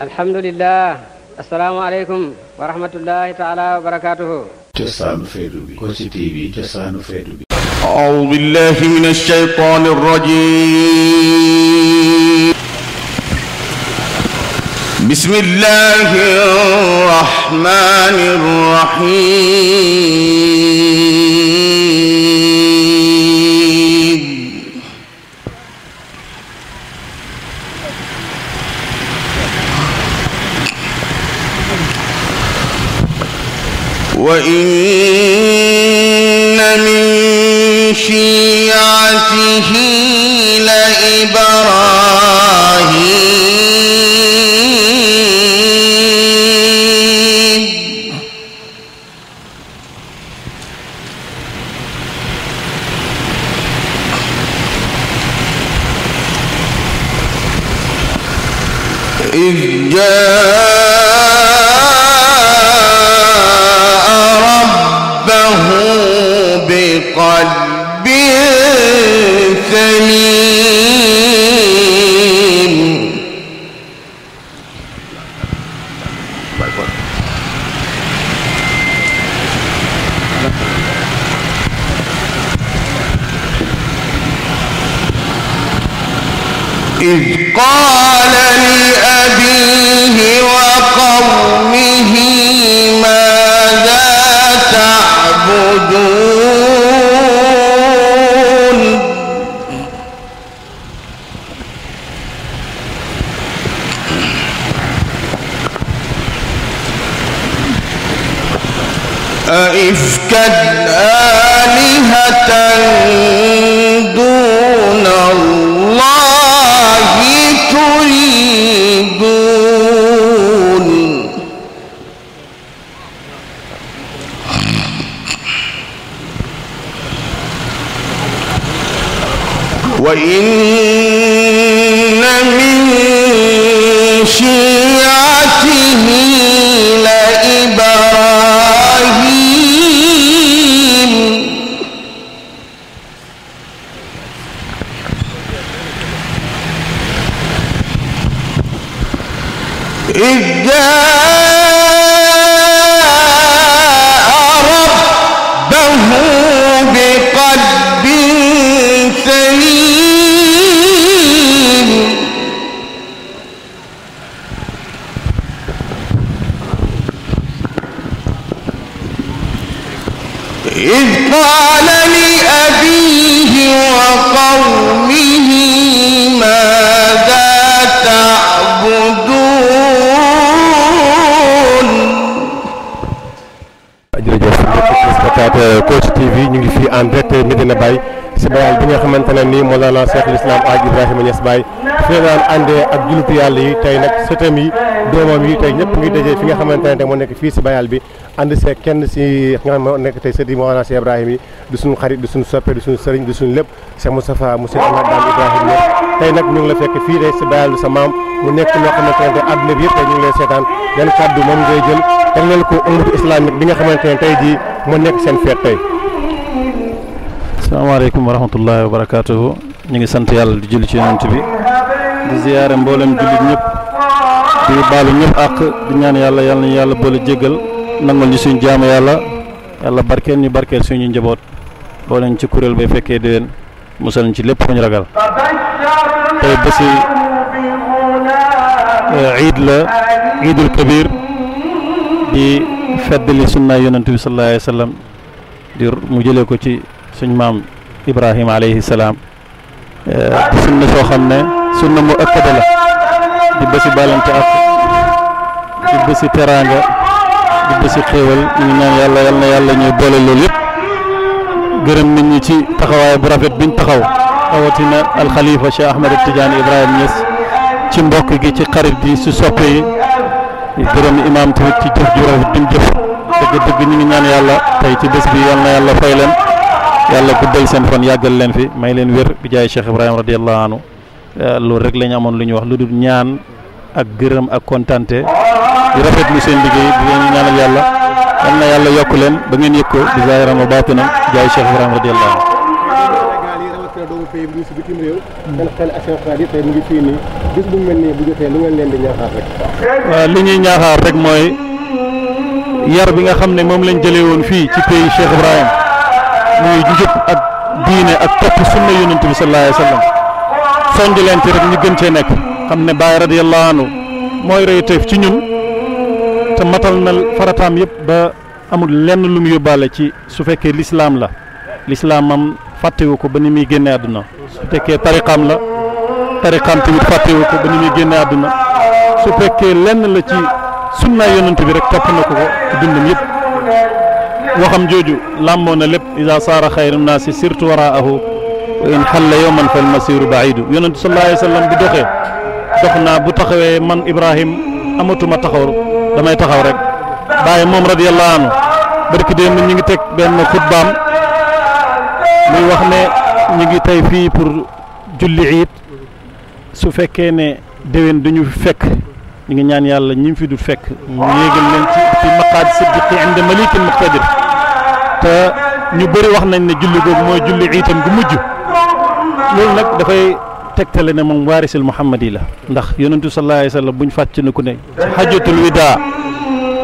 الحمد لله السلام عليكم ورحمة الله تعالى وبركاته جسان فيدوبي كوسي تي في جسان فيدوبي أعوذ بالله من الشيطان الرجيم بسم الله الرحمن الرحيم وإن من شيعته لإبراهيم إذ جاء قال لأبيه وقومه ماذا تعبدون أئفكت وإن من شيعته Niass Baye fee daan àndee ak jullitu yàlla yi tey nag sëtam yi doomam yi tey ñëpp ngi dajee fi nekk fii si fekk fii tey si Bayal bi sa maam mu nekk loo xamante ne adduna bi yëpp tey ñu ne tey jii moo nekk seen feet tey salaamaaleykum wa rahmatullahi wa barakatuhu ñu ngi sant yàlla di julli ci yonent bi di ziyaare mboolem jullit ñëpp di baalu ñëpp àq di ñaan yàlla yàlla nañu yàlla boole jéggal nangal ñu suñu jaamu yàlla yàlla barkeel ñu barkeel suñu njaboot boo leen ci kuréel bay fekkee déwén musal ci lépp fu ñu ragal tey bési iid eh, la iidul kabir di feddali sunna yonent bi sallallahu alayhi wa sallam di mu jële ko ci suñ maam Ibrahima alayhi salaam سنة سو خامنا سنة مؤكدة لا نعم دي بسي بالانتا اف دي بسي ترانجا دي بسي خيول نينا يالا يالا يالا نيو بولا لوليب غرم yàlla guddal seen fan yàggal leen fi may leen wér bi jaay Cheikh Ibrahima radiyallahu anhu eh, loolu rek la amoon lu ñu wax lu du ñaan ak gërëm ak kontante di rafetlu seen liggéey di leen ñaanal yàlla am na yàlla yokk leen ba ngeen yëg ko di zaahiran wa baatinan jaay Cheikh Ibrahima radiyallahu anhu waaw li ñuy ñaaxaar rek mooy yar bi nga xam ne moom lañ jële woon fii ci pays Cheikh Ibrahima muy njub ak diine ak topp sunna yonent bi sallallahu alayhi wa sallam soññ leen ci rek ñu gën cee nekk xam ne Baay radiyallahu anhu mooy royteef ci ñun te matal na farataam yëpp ba amul lenn lu mu yóbbaale ci su fekkee lislaam la lislaamam fàttewu ko ba ni muy génne àdduna su fekkee tariqaam la tariqaam tamit fàttewu ko ba ni muy génne àdduna su fekkee lenn la ci sunna yonent bi rek topp na ko ko ci dundam yëpp waxam joju làmboo na lépp isa saara xayru sirtu waraahu wa in xalla yawman fal masiru ba'id yunus sallallahu alayhi wasallam bi doxé doxna bu taxawé man ibrahim amatuma taxaw damay taxaw rek baye mom radiyallahu anhu barki démb ñi ngi tek ben khutbam muy wax ne ñi ngi tay fi pour julli eid su fekké né dewen duñu fekk ñi ngi ñaan yalla ñi fi du fekk leen ci fi maqad inda malikin muqtadir te ñu bëri wax nañ ne julli googu mooy julli itam gu mujj loolu nag dafay tegtale ne moom waarisul muhammad yi la ndax yonentu sallallahu alayhi wa sallam buñ fàcc ne ku ne ci xajatul wida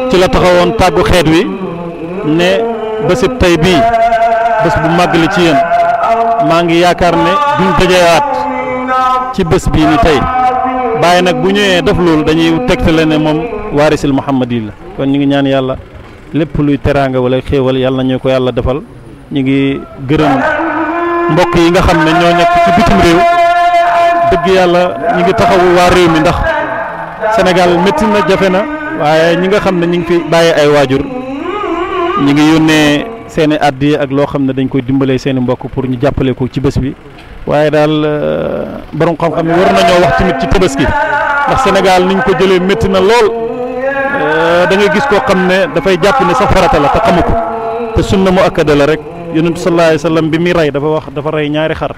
ci la taxawoon tàggu xeet wi ne tey bii bés bu màgg la ci yéen maa ngi yaakaar ne duñ dajewaat ci bés bii ni tey bàyyi nag bu ñëwee def loolu dañuy tegtale ne moom waarisul muhammad yi la kon ñu ngi ñaan yàlla lépp luy teraanga wala xéewal yàlla nañu ko yàlla defal ñu ngi gërëm mbokk yi nga xam ne ñoo nekk ci bitim réew dëgg yàlla ñu ngi taxawu waa réew mi ndax Sénégal métti na jafe na waaye ñi nga xam ne ñu ngi fi bàyyi ay waajur ñu ngi yónnee seeni àddi ak loo xam ne dañ koy dimbalee seeni mbokk pour ñu jàppale ci bés bi waaye daal euh, borom xam-xam yi war nañoo wax tamit ci tabaski ndax Sénégal niñ ko jëlee métti na lool. da ngay gis ko xamne ne fay japp ne sa farata la ta xamuko te sunna mu akada la rek Yunus sallallahu Alaihi wasallam bi mi ray dafa wax dafa ray ñaari xar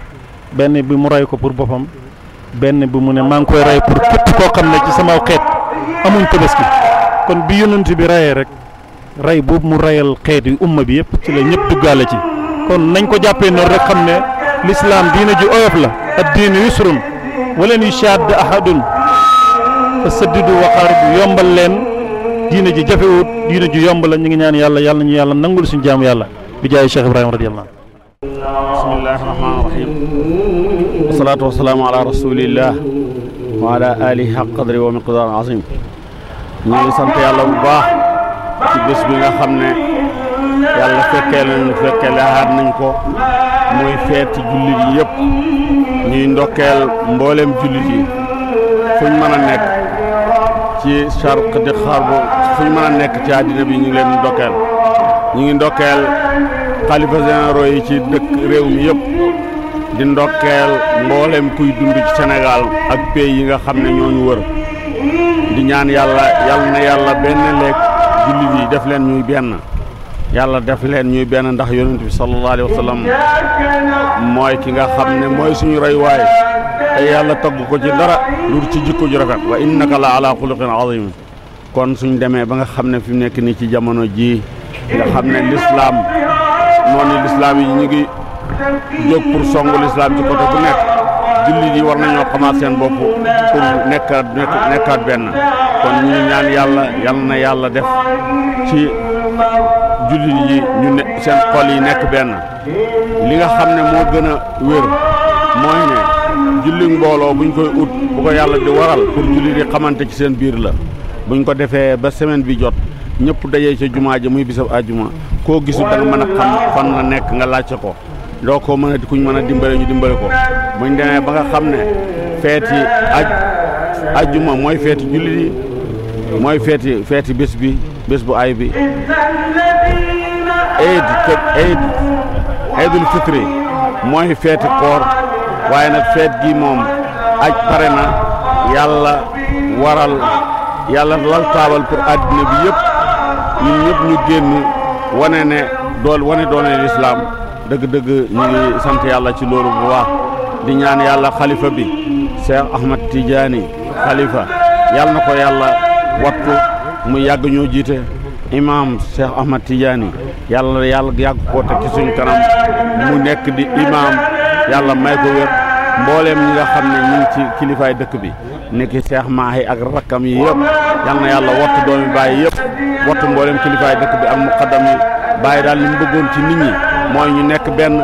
benn bi mu ray ko pour bopam benn bi mu ne maa ngi koy ray pour képp ko xamne ci sama xet amuñ tabaski kon bi yunus bi ray rek ray boobu mu rayal xet yi umma bi yep ci la ñëpp duggalé ci kon nañ ko jappé noonu rek xamne l'islam diina ji oyof la ad diinu yusrun walan yushad ahadun fasaddidu wa qarib yombal len diina ji jafewut diina ji yomb la ñu ngi ñaan yàlla yàlla ñu yàlla nangul si jaamu yàlla bi jaay Cheikh Ibrahima radiyallahu anhu bismillahi rahmaani rahim wasalaatu wasalaamu ala rasulillah wa ala alihi xaq qadri wa miqdaar azim ñu sant yàlla bu baax ci bés bi nga xam ne yàlla fekkee nañu fekkee laxaat nañ ko muy feeti jullit yi yëpp ñuy ndokkeel mbooleem jullit yi fuñ mën a nekk ci charq di xarbu fuñ mën a nekk ci àddina bi ñu ngi leen ndokkeel ñu ngi ndokkeel xalifa généraux yi ci dëkk réew mi yëpp di ndokkeel mboolem kuy dund ci senegaal ak pays yi nga xam ne ñoo ñu wër di ñaan yàlla yàlla na yàlla benn leeg jullit yi def leen ñuy benn yàlla def leen ñuy benn ndax yonent bi sallallahu alayhi wa mooy ki nga xam ne mooy suñu royuwaay te yàlla togg ko ci dara lu ci jikko ju rafet wa innaka la ala xuluqin azim kon suñ demee ba nga xam ne fi nekk nii ci jamono jii nga xam ne lislaam noonu lislaam yi ñu ngi jóg pour songu lislaam ci côté bu nekk jullit yi war nañoo xamaat seen bopp pour nekkaat nekkaat benn kon ñu ñaan yàlla yal na yàlla def ci jullit yi ñu seen xol yi nekk benn li nga xam ne moo gën a wér mooy ne booloo mbooloo buñ koy ut bu ko yàlla di waral pour julli di xamante ci seen biir la buñ ko defee ba semaine bi jot ñëpp dajee ca jumaa ji muy bisab àjjuma koo gisu da nga a xam fan la nekk nga laajte ko doo ko mën a kuñ mën a dimbale ñu dimbale ko buñ demee ba nga xam ne feeti aj àjjuma mooy feeti julli mooy feeti feeti bés bi bés bu ay bi eid eid eidul fitri mooy feeti koor waaye nag feet gi moom aj pare na yàlla waral yàlla lal taabal pour àddina bi yëpp ñun ñëpp ñu génn wane ne dool wane doole lislaam dëgg-dëgg ñu sant yàlla ci loolu bu baax di ñaan yàlla xalifa bi Cheikh Ahmad Tidiane xalifa yàlla na ko yàlla wattu mu yàgg ñoo jiite imaam Cheikh Ahmad Tidiane yàlla yàlla yàgg koo teg ci suñ kanam mu nekk di imaam yàlla may ko wér mbooleem ñi nga xam ne ñu ci kilifaay dëkk bi niki Cheikh yi ak rakkam yi yëpp yal na yàlla wattu doomi bàyyi yëpp wattu mbooleem kilifaay dëkk bi ak muqaddam yi bàyyi daal li mu bëggoon ci nit ñi mooy ñu nekk benn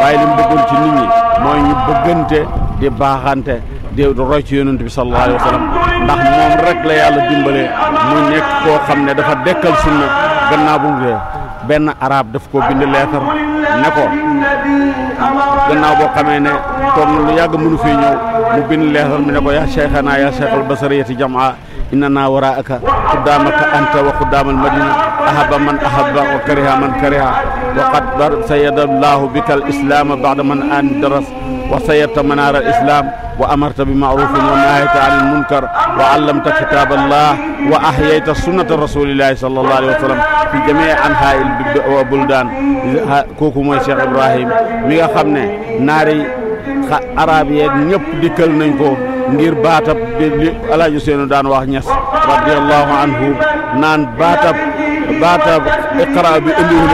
bàyyi li mu ci nit ñi mooy ñu bëggante di baaxante di roy ci yonent bi sallallahu alayhi wa sallam ndax moom rek la yàlla dimbale mu nekk koo xam ne dafa dekkal sunna gannaaw bu mu benn arab daf ko bind leetar gannaaw boo xamee ne toog na lu yàgg mënu fii ñëw mu bind leeral mi ne ko yaa cheikhana yaa cheikh al basariyati jamaa inna naa waraaka xuddaamaka anta wa xuddaamal madina ahaba man ahaba wa kariha man kariha wa qad sayada allahu bika al islaama baada man aan daras wa sayadta manaara al islam wa amarta bi maarufin wa nahayta anil munkar wa allamta kitaab allah wa ahyayta sunnata rasulillahi sallallahu alayhi wa sallam fi jamii anhaa'il buldaan kooku mooy Cheikh Ibrahim mi nga xam ne naari araab yeeg ñëpp dikkal nañ ko ngir baatab li alaaji seenu daan wax ñes radiallahu anhu naan baatab baatab bi indiwu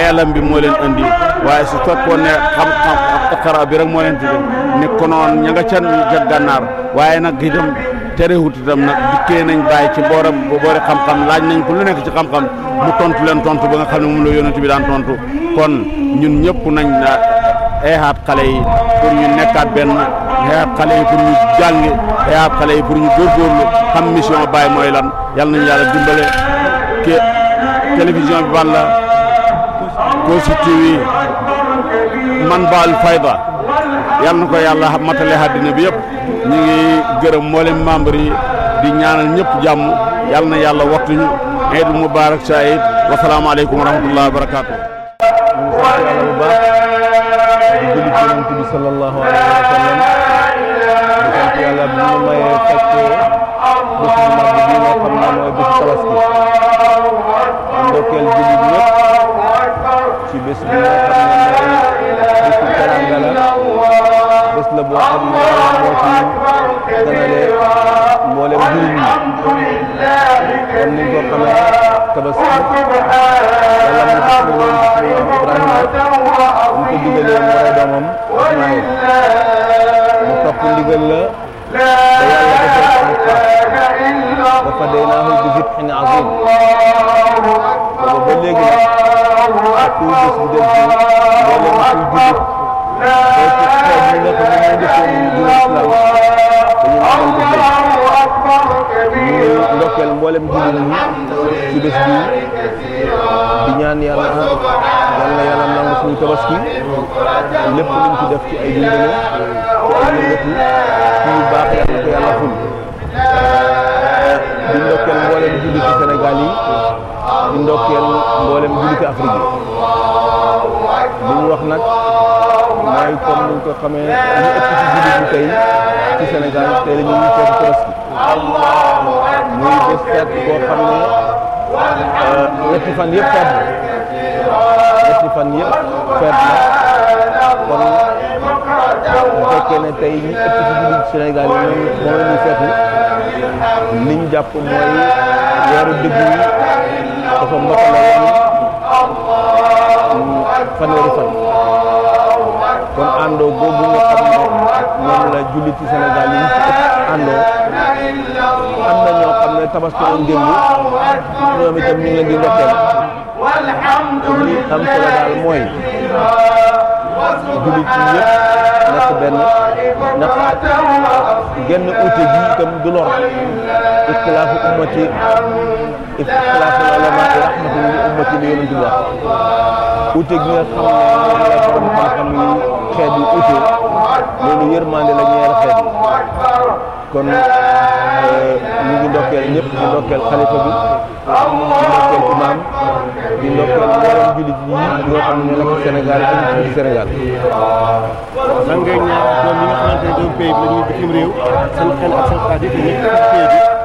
eelam bi moo leen indi waaye su fekkoon ne xam-xam kara bi rek moo leen tudde ne konoon ña nga can ca gànnaar waaye nag itam terewut itam nag dikkee nañ ci booram boori xam-xam laaj nañ ko lu nekk ci xam-xam mu tontu leen tontu ba nga xam ne moom la yonent bi daan tontu kon ñun ñëpp nañ la ah, eexaat xale yi pour ñu nekkaat benn eexaat xale yi pour ñu jàngi eexaat xale yi pour ñu góorgóorlu xam mission Baye mooy lan yal nañu yàlla dimbale ke télévision bi ban la Kossy TV man baal fayda yalla nako yalla matale hadina bi yëpp ñi ngi gërëm mboolem membre yi di ñaanal ñepp jamm yalla na waxtu ñu eid mubarak saïd wa salaamu alaykum wa rahmatullahi wa barakatuh sallallahu alayhi المطلب وأن الوكيل دلل ولا الظلم والنجوى كما تبسم ولم يحصل إبراهيم أنت لا إله إلا الله متقل دجل وفديناه بذبح عظيم وبلغنا أقول بسم الله ولم يحصل ndokkeel mboolem jullit ñi ci bés bi di ñaan yàlla yàlla na yàlla nangu suñu tabaski lépp luñ ci def ci ay dundale ci ay yëngatu ci yu baax yàlla ko yàlla ful di ndokkeel mboolem jullit ci Sénégal yi di ndokkeel mooy comme ni ñu ko xamee ñu ëpp ci jullit bi tey ci Sénégal tey la ñu ngi feetu Tabaski muy bés feet boo xam ne euh, ñetti fan yëpp feet la ñetti fan yëpp feet la kon bu fekkee ne tey ñu ëpp ci jullit Sénégal yi moom moom la ñuy feetu liñ jàpp mooy weeru dëgg yi dafa mbatala woon mm, fanweeri fan kon àndoo boobu nga xam ne moom la julli ci Sénégal yi àndoo am na ñoo xam ne tabaski woon démb ñoom itam ñu ngi leen di ndokkeel li am solo daal mooy julli ci yëpp nekk benn ndax genn uute ji itam du lor ixtilaafu ummati ixtilaafu ulama rahmatun li ummati li yonent bi wax uute gi nga xam ne la borom xam-xam yi xeet yi uute loolu yërmande la ñeel xeet kon euh, ñu ngi ndokkeel ñëpp di ndokkeel xalifa bi ndokkeel imaam di ndokkeel mboolem jullit yi yoo xam ne nekk Sénégal Sénégal. lan ngay ñaan ñoom ñi nga xamante ne doomu pays bi e la ñuy bitim réew seen xel ak seen xaaj yi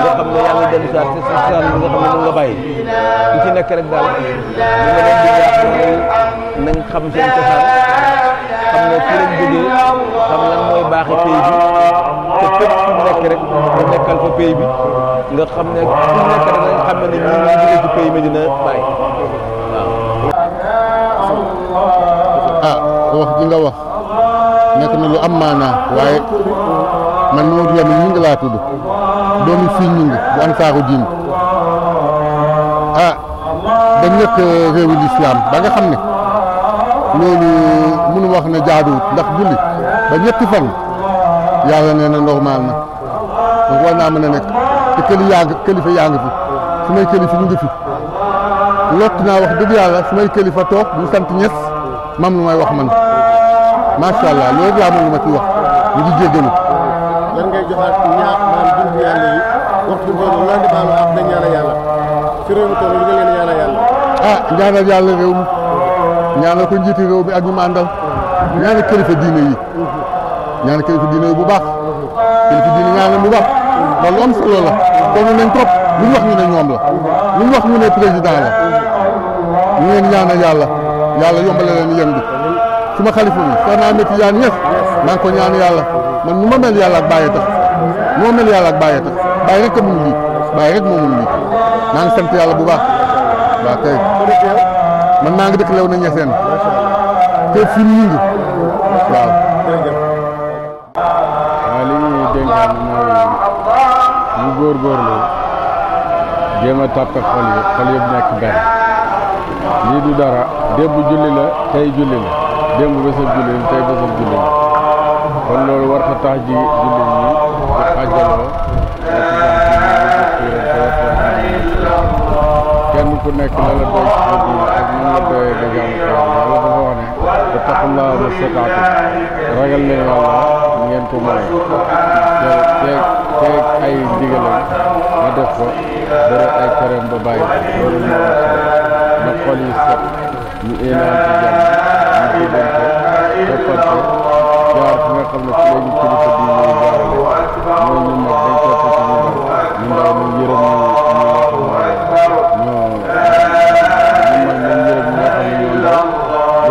nga xam ne yaa ngi dellu saa te sa saan bi nga xam ne moom nga bàyyi ku ci nekk rek daal li nga leen di jaax mooy nañ xam seen cosaan xam ne fi leen jógee xam lan mooy baaxe pays bi te fépp fu nekk rek nga nekkal fa pays bi nga xam ne fu nekk rek nga xam ne ni ñu ngi jógee ci pays Medina Baye waaw. ah wax ji nga wax nekk na lu am maanaa waaye. man Mamadou Lamine ñu ngi laa tudd doomi fii ñu ngi bu ansaaru diin ah euh, ba nga xam ne loolu mënu wax ne jaaduwut ndax julli ba ñetti fan yàlla nee na normal na donc war naa mën a nekk te këli yaa ngi këlifa yaa su may këlifa ñu ngi fi lott naa wax dëgg yàlla su may këlifa toog ñu sant ñes mam lu may wax man macha loolu laa moom ma ci wax ñu ngi jéggalu joxaat ñaar maam jumtu yàlla yi waxtu boobu loolu di baalu ak dañ ah ñaanal yàlla réew mi ñaanal ko njiiti réew mi ak ñu màndal ñaanal kilifa diine yi ñaanal kilifa diine yi bu baax kilifa diine ñaanal bu baax loolu lu solo la kon nañ ne ñu wax ñu ne ñaanal yàlla yàlla yombale leen yem bi su ma xalifa bi soo naa métti ñes maa ko ñaan yàlla man nu ma mel yàlla ak bàyyi tax moo mel yàlla ak bàyyi tax bàyyi rek a mun lii bàyyi rek lii maa ngi sant yàlla bu baax waaw kay man maa ngi dëkk lew na ñeseen te fi mu ngi waaw. waaw li ñuy dénkaan mooy ñu góorgóorlu jéem a tàppe xol yi xol nekk benn lii du dara démb julli la tey julli la démb bésab julli la tey bésab julli la kon loolu war ta tax ji àjjana kenn ku nekk la la doy ci àdduna ak man la doyee ba jaamu ko yàlla dafa wax ne wattaqullaaha mastataatu ragal leen yàlla ñu ngeen ko mënee te teeg teeg ay ndigalam nga def ko bëri ay tereem ba bàyyi loolu moo am solo na xol yi set ñu énaan ci jàmm ñu ci جارت ما قبل السليم كل سبيل الله من من بنك تسليم من دار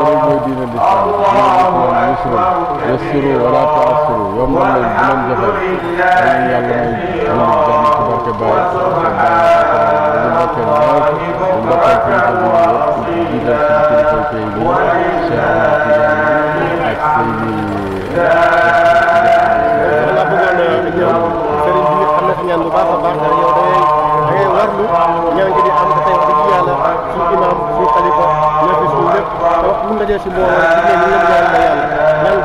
من يرم يسروا ولا تعسروا يوم الليل بلن جفر أن يعلم أن الجنة تبارك باي تبارك الله تبارك الله تبارك الله تبارك الله تبارك الله تبارك الله تبارك الله loolu laa bëggoon ak yow sëriñ bi xam na fi ñaan bu baax a baax ndax yow da ngay da ngay warlu ñaan gi di am te tey wax dëgg yàlla suñu imam suñu xalifa ñoo fi suñu lépp te wax bu mu dajee si mbooloo rek ñu ngi leen ñaan la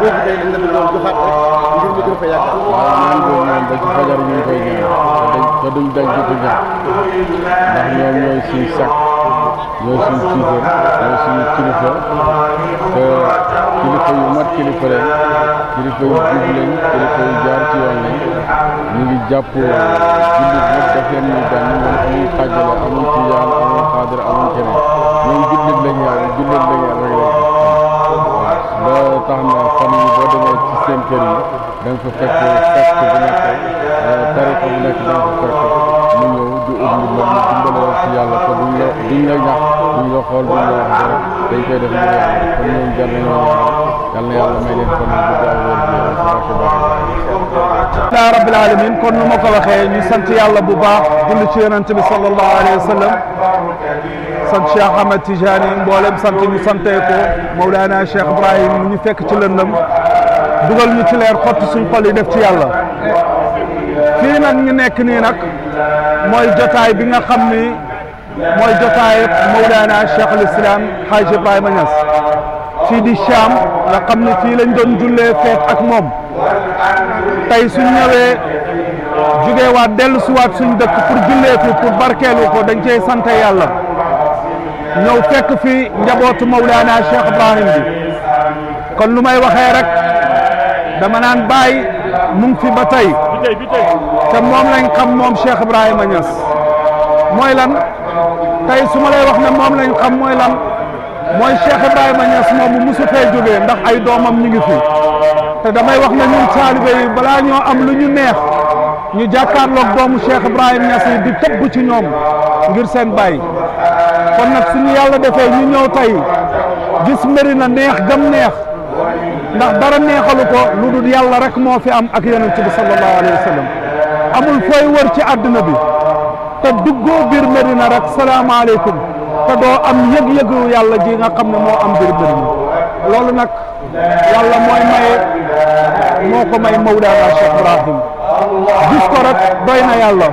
kilifa leen kilifa yu jub leen kilifa yu jaar ci yoon leen ñu ngi jàpp jullit nag daf leen ñuy xaadir amuñ keneen ñoom jullit lañ yàlla jullit tax na fan yi boo demee ci seen fa fekk fekk bu nekk euh, tarixa bu fa fekk mu ñëw di ut lu mel ni yàlla te duñ la duñ la ñax xool duñ la wax dara dañ koy def ngir yàlla kon ñoom jar nañoo yal na yàlla may leen kon bu gaaw wér gi yaram barke barke yaa rabbil alamin kon nu ma ko waxee ñu sant yàlla bu baax dund ci yonent bi sallallahu alayhi wa sallam sant Cheikh Ahmed Tijani mboolem sant ñu santee ko Mawlana Cheikh Ibrahim mu ñu fekk ci lëndëm dugal ñu ci leer xott suñ xol yi def ci yàlla fii nag ñu nekk nii nag mooy jotaay bi nga xam ni mooy jotaayu Mawlana Cheikh al Islam Hadj Ibrahima Niass fii di Cham nga xam ne lañ doon jullee feet ak moom tey suñ ñëwee jugee waat dellu siwaat suñ dëkk pour jullee fi barkeelu ko dañ cey sant yàlla ñëw fekk fi njabootu Mawlana Cheikh Ibrahim bi kon lu may waxee rek dama naan bàyyi mu fi ba tey te moom lañ xam moom Cheikh Ibrahima Niass mooy lan tey su ma lay wax ne moom lañ xam mooy lan mooy Cheikh Ibrahima Niass moom mosu fee jógee ndax ay doomam ñu ngi fi te damay wax na ñun taalibe yi balaa ñoo am lu ñu neex ñu jàkkaarloog doomu Cheikh Ibrahima Niass yi di tëbb ci ñoom ngir seen bàyyi kon nag suñu yàlla defee ñu ñëw tey gis mbiri na neex gëm neex ndax dara neexalu ko lu dul yàlla rek moo fi am ak yonent bi sallallahu alayhi wa sallam amul fooy wër ci àdduna bi te duggoo biir Medina rek salaamaaleykum te doo am yëg-yëgu yàlla ji nga xam ne moo am biir mbir mi loolu nag yàlla moo ko may Mawlana Cheikh Ibrahim gis doy na yàlla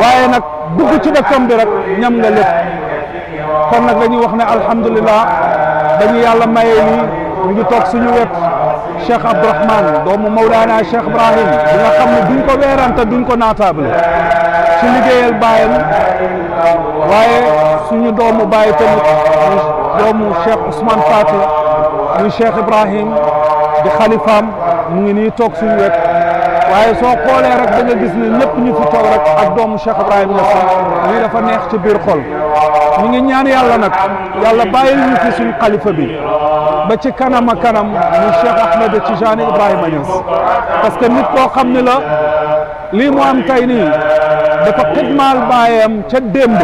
waaye nag dugg ci dëkkam bi ñam nga lépp kon nag dañuy wax ne alhamdulilah dañu yàlla may lii ñu ngi toog suñu wet Cheikh Abdourahman doomu Mawlana Cheikh Ibrahim bi nga xam ne duñ ko weerante duñ ko naataable ci liggéeyal bàyyam suñu doomu baye tamit doomu Cheikh Ousmane Faty muy Cheikh Ibrahim di khalifam mu ngi ni tok suñu wet waye so xolé rek da nga gis ni ñëpp ñu fi toog rek ak doomu Cheikh Ibrahim Niass lii dafa neex ci biir xol mu ngi ñaan yàlla nak yàlla bàyyil ñu fi suñu khalifa bi ba ci kanam ak kanam muy Cheikh Ahmed Tijani ibrahim Niass parce que nit ko xamni la li mu am tey nii dafa xidmal bayam ca démb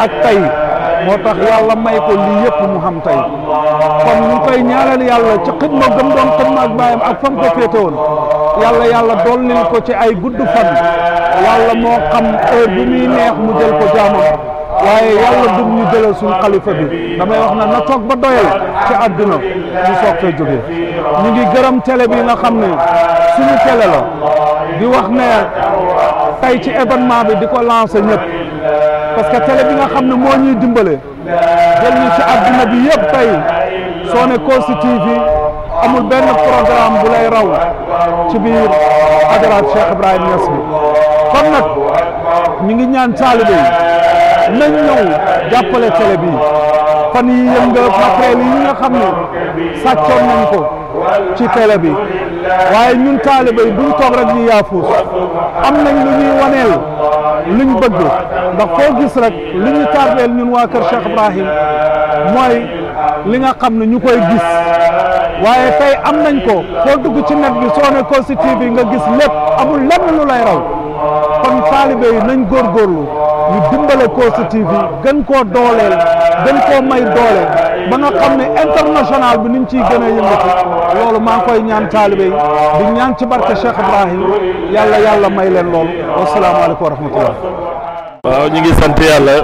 ak tey moo tax yàlla may ko lii yëpp mu xam tey kon ñu koy ñaanal yàlla ci xidma gëm doon xidma ak baayam ak fam ko féete woon yàlla yàlla ko ci ay gudd fan yàlla moo xam heure bu mu jël ko jaamam waaye yàlla bu ñu jëlee suñu xalifa bi damay wax na na toog ba doyal ci àdduna ñu soog fee jógee ñu ngi gërëm télé bi nga xam ne suñu télé la di wax ne tey ci événement bi di ko lancé ñëpp parce que télé bi nga xam ne moo ñuy dimbale jël ñu ci àdduna bi yëpp tey soo ne Kossy TV amul benn programme bu lay raw ci biir adaraat Cheikh Ibrahima Niass kon nag ñu ngi ñaan taalibe nañ ñëw jàppale télé bi fan yi yënga matériel yi nga xam ne sàccoon nañ ko ci télé bi waaye ñun taaliba yi duñ toog rek ñu yaafuus am nañ lu ñuy waneel luñ bëgg ndax foo gis rek li ñu tardeel ñun waa kër Cheikh Ibrahim mooy li nga xam ne ñu koy gis waaye tey am nañ ko foo dugg ci net bi soo ne Kossy TV nga gis lépp amul lenn lu lay raw kon taalibe yi nañ góorgóorlu ñu dimbale Kossy TV gën koo dooleel gën koo may doole ba nga xam ne international bi niñ ciy gën a yëngatu loolu maa ngi koy ñaan taalibe di ñaan ci barke Cheikh Ibrahim yàlla yàlla may leen loolu waaw ñu ngi sant yàlla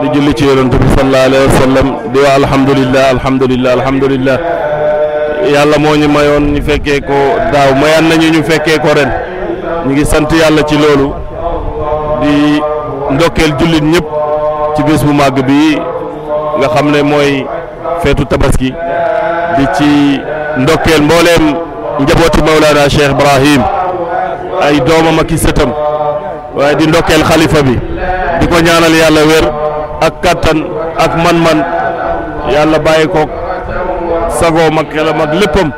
di julli ci yonent bi sallallahu alayhi wa sallam di wax alhamdulillah alhamdulillah alhamdulillah yàlla moo ñu mayoon ñu fekkee ko daaw mayan nañu ñu fekkee ko ren ñu ngi sant yàlla ci loolu di ndokel julit ñep ci bés bu mag bi nga xamne moy fetu tabaski di ci ndokel mbollem njabooti Mawlana Cheikh Ibrahim ay dooma ak i sëtam way di ndokel khalifa bi diko ñaanal yàlla wér ak katan ak man-man yàlla baye ko sago ak xelam mag léppam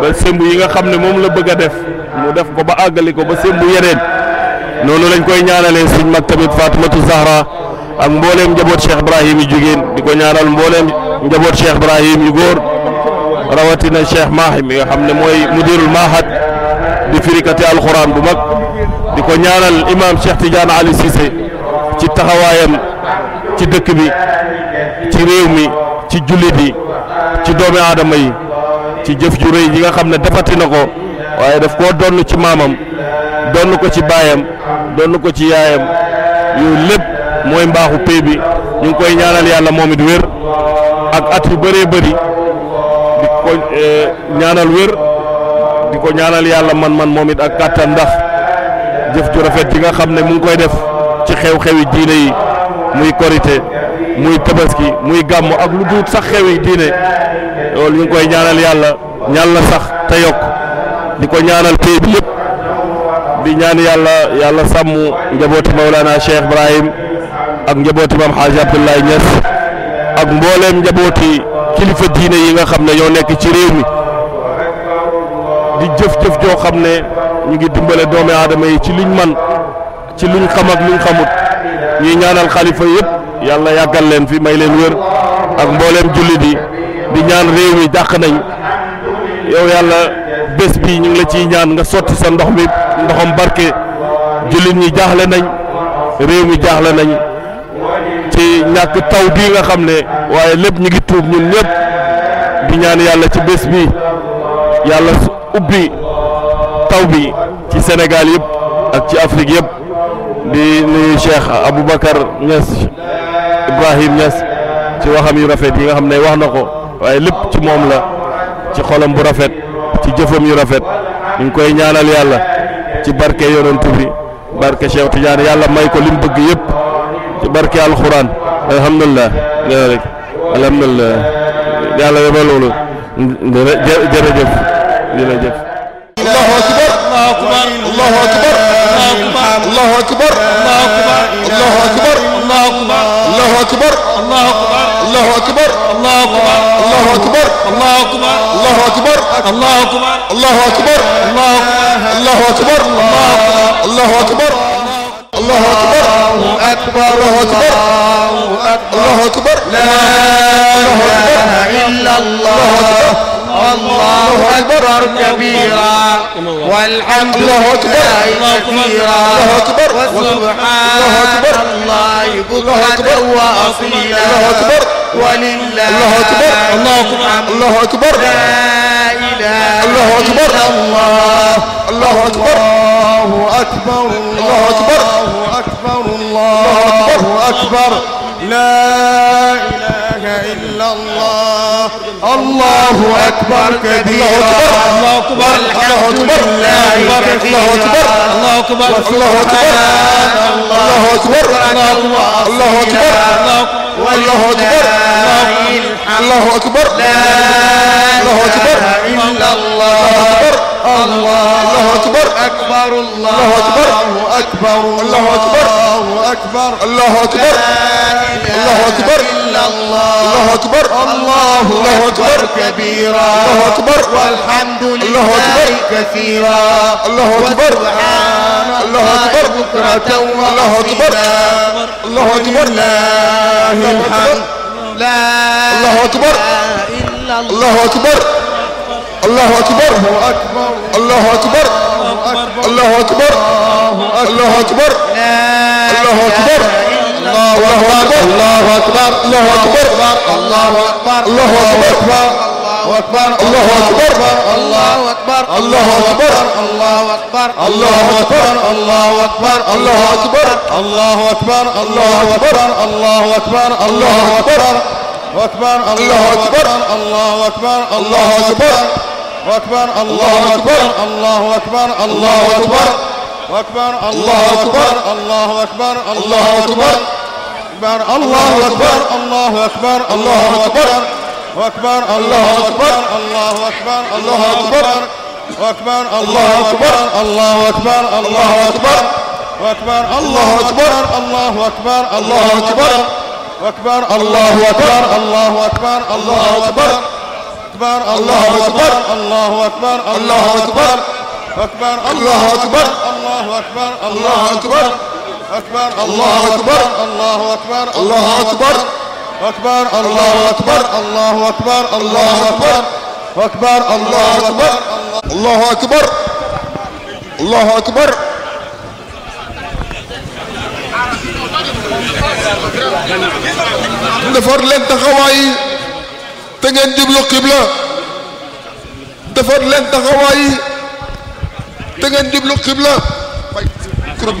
ba sembu yi nga xamne mom la bëgg def mu def ko ba àggali ko ba sembu yeneen noonu lañ koy ñaanalee suñ mag tamit Fatimatu Zahra ak mbooleem njaboot Cheikh Ibrahim yu jigéen di ko ñaanal mbooleem njaboot Cheikh Ibrahim yu góor rawatina Cheikh Mahi mi nga xam ne mooy mudirul mahad di firikati alxuraan bu mag di ko ñaanal imaam Cheikh Tidiane Ali Cissé ci taxawaayam ci dëkk bi ci réew mi ci jullit yi ci doomi aadama yi ci jëf ju rëy nga xam ne defati na ko waaye def koo donn ci maamam donn ko ci baayam doon na ko ci yaayam yooyu lépp mooy mbaaxu pay bi ñu ngi koy ñaanal yàlla moom it wér ak at yu bëree bëri di ko eh, ñaanal wér di ko ñaanal yàlla man-man moom it ak kàttan ndax jëf ju rafet yi nga xam ne mu ngi koy def ci xew xew yi diine yi muy korité muy tabaski muy gàmm ak lu duut sax xewi diine loolu ñu ngi koy ñaanal yàlla ñàll sax te yokk di ko ñaanal pay lépp di ñaan yàlla yàlla sàmm njabooti Mawlana Cheikh Ibrahim ak njabooti Maam Xaaji Abdoulaye Niass ak mbooleem njabooti kilifa diine yi nga xam ne ñoo nekk ci réew mi di jëf-jëf joo xam ne ñu ngi dimbale doomi aadama yi ci luñ man ci luñ xam ak luñ xamut ñuy ñaanal xalifa yëpp yàlla yàggal leen fi may leen wér ak mbooleem jullit yi di ñaan réew mi dàq nañ yow yàlla bés bi ñu ngi la ciy ñaan nga sotti sa ndox mi ndoxam barke julit ñi jaxle nañ réew mi jaxle nañ ci ñàkk taw bi nga xam ne waaye lépp ñu ngi tuub ñun ñëpp di ñaan yàlla ci bés bi yàlla ubbi taw bi ci sénégal yëpp ak ci afrique yëpp di nuyu cheikh aboubacar ñes ibrahim ñes ci waxam yu rafet yi nga xam ne wax na ko waaye lépp ci moom la ci xolam bu rafet ci jëfam yu rafet ñu koy ñaanal yàlla ci barke yonent bi barke Cheikh Tidiane yàlla may ko li mu bëgg yëpp ci barke alxuraan alhamdulilah nee rek alhamdulilah yàlla yóbba loolu jërëjëf jërëjëf allahu akbar allahu akbar allahu akbar allahu akbar allahu akbar الله أكبر الله أكبر الله أكبر الله أكبر الله أكبر الله أكبر الله أكبر الله أكبر الله أكبر الله أكبر الله أكبر الله أكبر الله أكبر الله أكبر الله أكبر لا إله إلا الله الله أكبر كبيرا والحمد لله كثيرا الله أكبر الله أكبر وأصيلا ولله الله أكبر الله أكبر لا إله الله أكبر الله الله أكبر الله أكبر الله أكبر الله أكبر الله أكبر لا إله إلا الله الله أكبر كبيرا الله أكبر الله أكبر الله أكبر الله أكبر الله أكبر الله أكبر الله أكبر الله أكبر الله أكبر الله أكبر الله أكبر الله أكبر الله أكبر أكبر الله أكبر أكبر الله أكبر أكبر الله أكبر الله أكبر الله أكبر الله أكبر كبيرا الله أكبر والحمد لله كثيرا الله أكبر الله أكبر بكرة الله أكبر الله أكبر محمد الله أكبر الله أكبر الله أكبر الله أكبر الله أكبر الله أكبر الله أكبر الله أكبر الله أكبر الله أكبر الله أكبر الله أكبر الله أكبر الله أكبر الله أكبر الله أكبر الله أكبر الله أكبر الله أكبر الله أكبر الله أكبر الله أكبر الله أكبر الله أكبر أكبر الله أكبر الله أكبر الله أكبر أكبر الله أكبر الله أكبر الله أكبر أكبر الله أكبر الله أكبر الله أكبر أكبر الله أكبر الله أكبر الله أكبر أكبر الله أكبر الله أكبر الله أكبر أكبر الله أكبر الله أكبر الله أكبر أكبر الله أكبر الله أكبر الله أكبر أكبر الله أكبر الله أكبر الله أكبر أكبر الله أكبر الله أكبر الله أكبر أكبر الله أكبر الله أكبر الله أكبر أكبر الله أكبر الله أكبر الله أكبر اكبر الله اكبر الله اكبر الله اكبر اكبر الله اكبر الله اكبر الله اكبر دفر لين تخواي تنجن جبلو قبلة دفر لين تخواي تنجن جبلو قبلة طيب،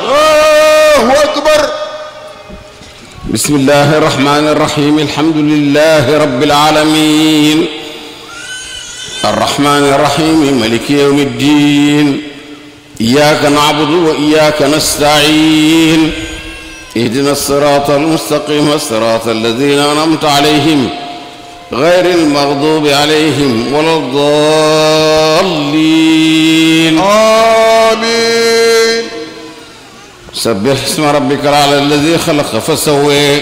الله أكبر بسم الله الرحمن الرحيم الحمد لله رب العالمين الرحمن الرحيم ملك يوم الدين إياك نعبد وإياك نستعين اهدنا الصراط المستقيم الصراط الذين أنعمت عليهم غير المغضوب عليهم ولا الضالين آمين سبح اسم ربك الاعلى الذي خلق فسوي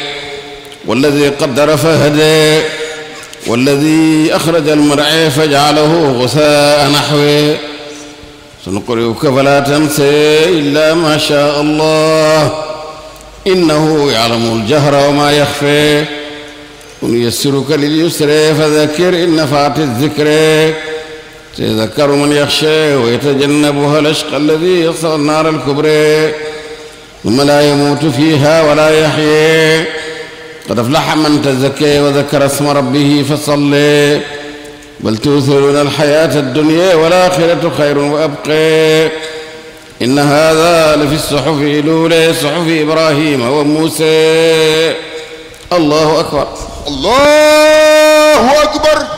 والذي قدر فهدي والذي أخرج المرعي فجعله غثاء نحوه سنقرئك فلا تنسى إلا ما شاء الله إنه يعلم الجهر وما يخفي ونيسرك لليسر فذكر إن نفعت الذكر سيذكر من يخشى ويتجنبها الأشقى الذي يصل النار الكبرى ثم لا يموت فيها ولا يحيي قد افلح من تزكى وذكر اسم ربه فصلي بل تؤثرون الحياة الدنيا والآخرة خير وأبقى إن هذا لفي الصحف الأولى صحف إبراهيم وموسى الله أكبر الله أكبر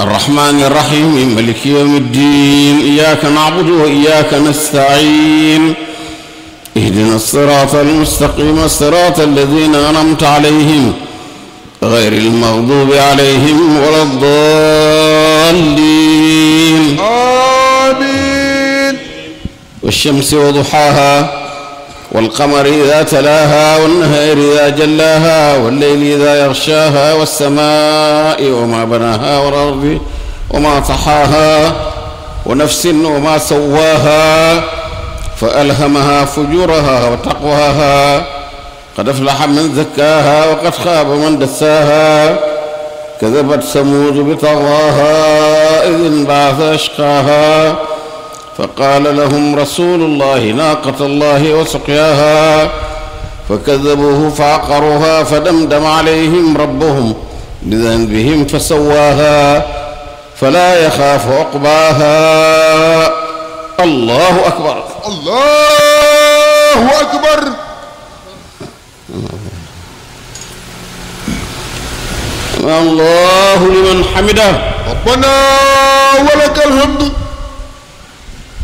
الرحمن الرحيم ملك يوم الدين إياك نعبد وإياك نستعين اهدنا الصراط المستقيم الصراط الذين أنعمت عليهم غير المغضوب عليهم ولا الضالين آمين والشمس وضحاها والقمر إذا تلاها والنهر إذا جلاها والليل إذا يغشاها والسماء وما بناها والأرض وما طحاها ونفس وما سواها فألهمها فجورها وتقواها قد أفلح من زكاها وقد خاب من دساها كذبت ثمود بطغاها إذ انبعث أشقاها فقال لهم رسول الله ناقة الله وسقياها فكذبوه فعقروها فدمدم عليهم ربهم بذنبهم فسواها فلا يخاف عقباها الله أكبر الله أكبر الله لمن حمده ربنا ولك الحمد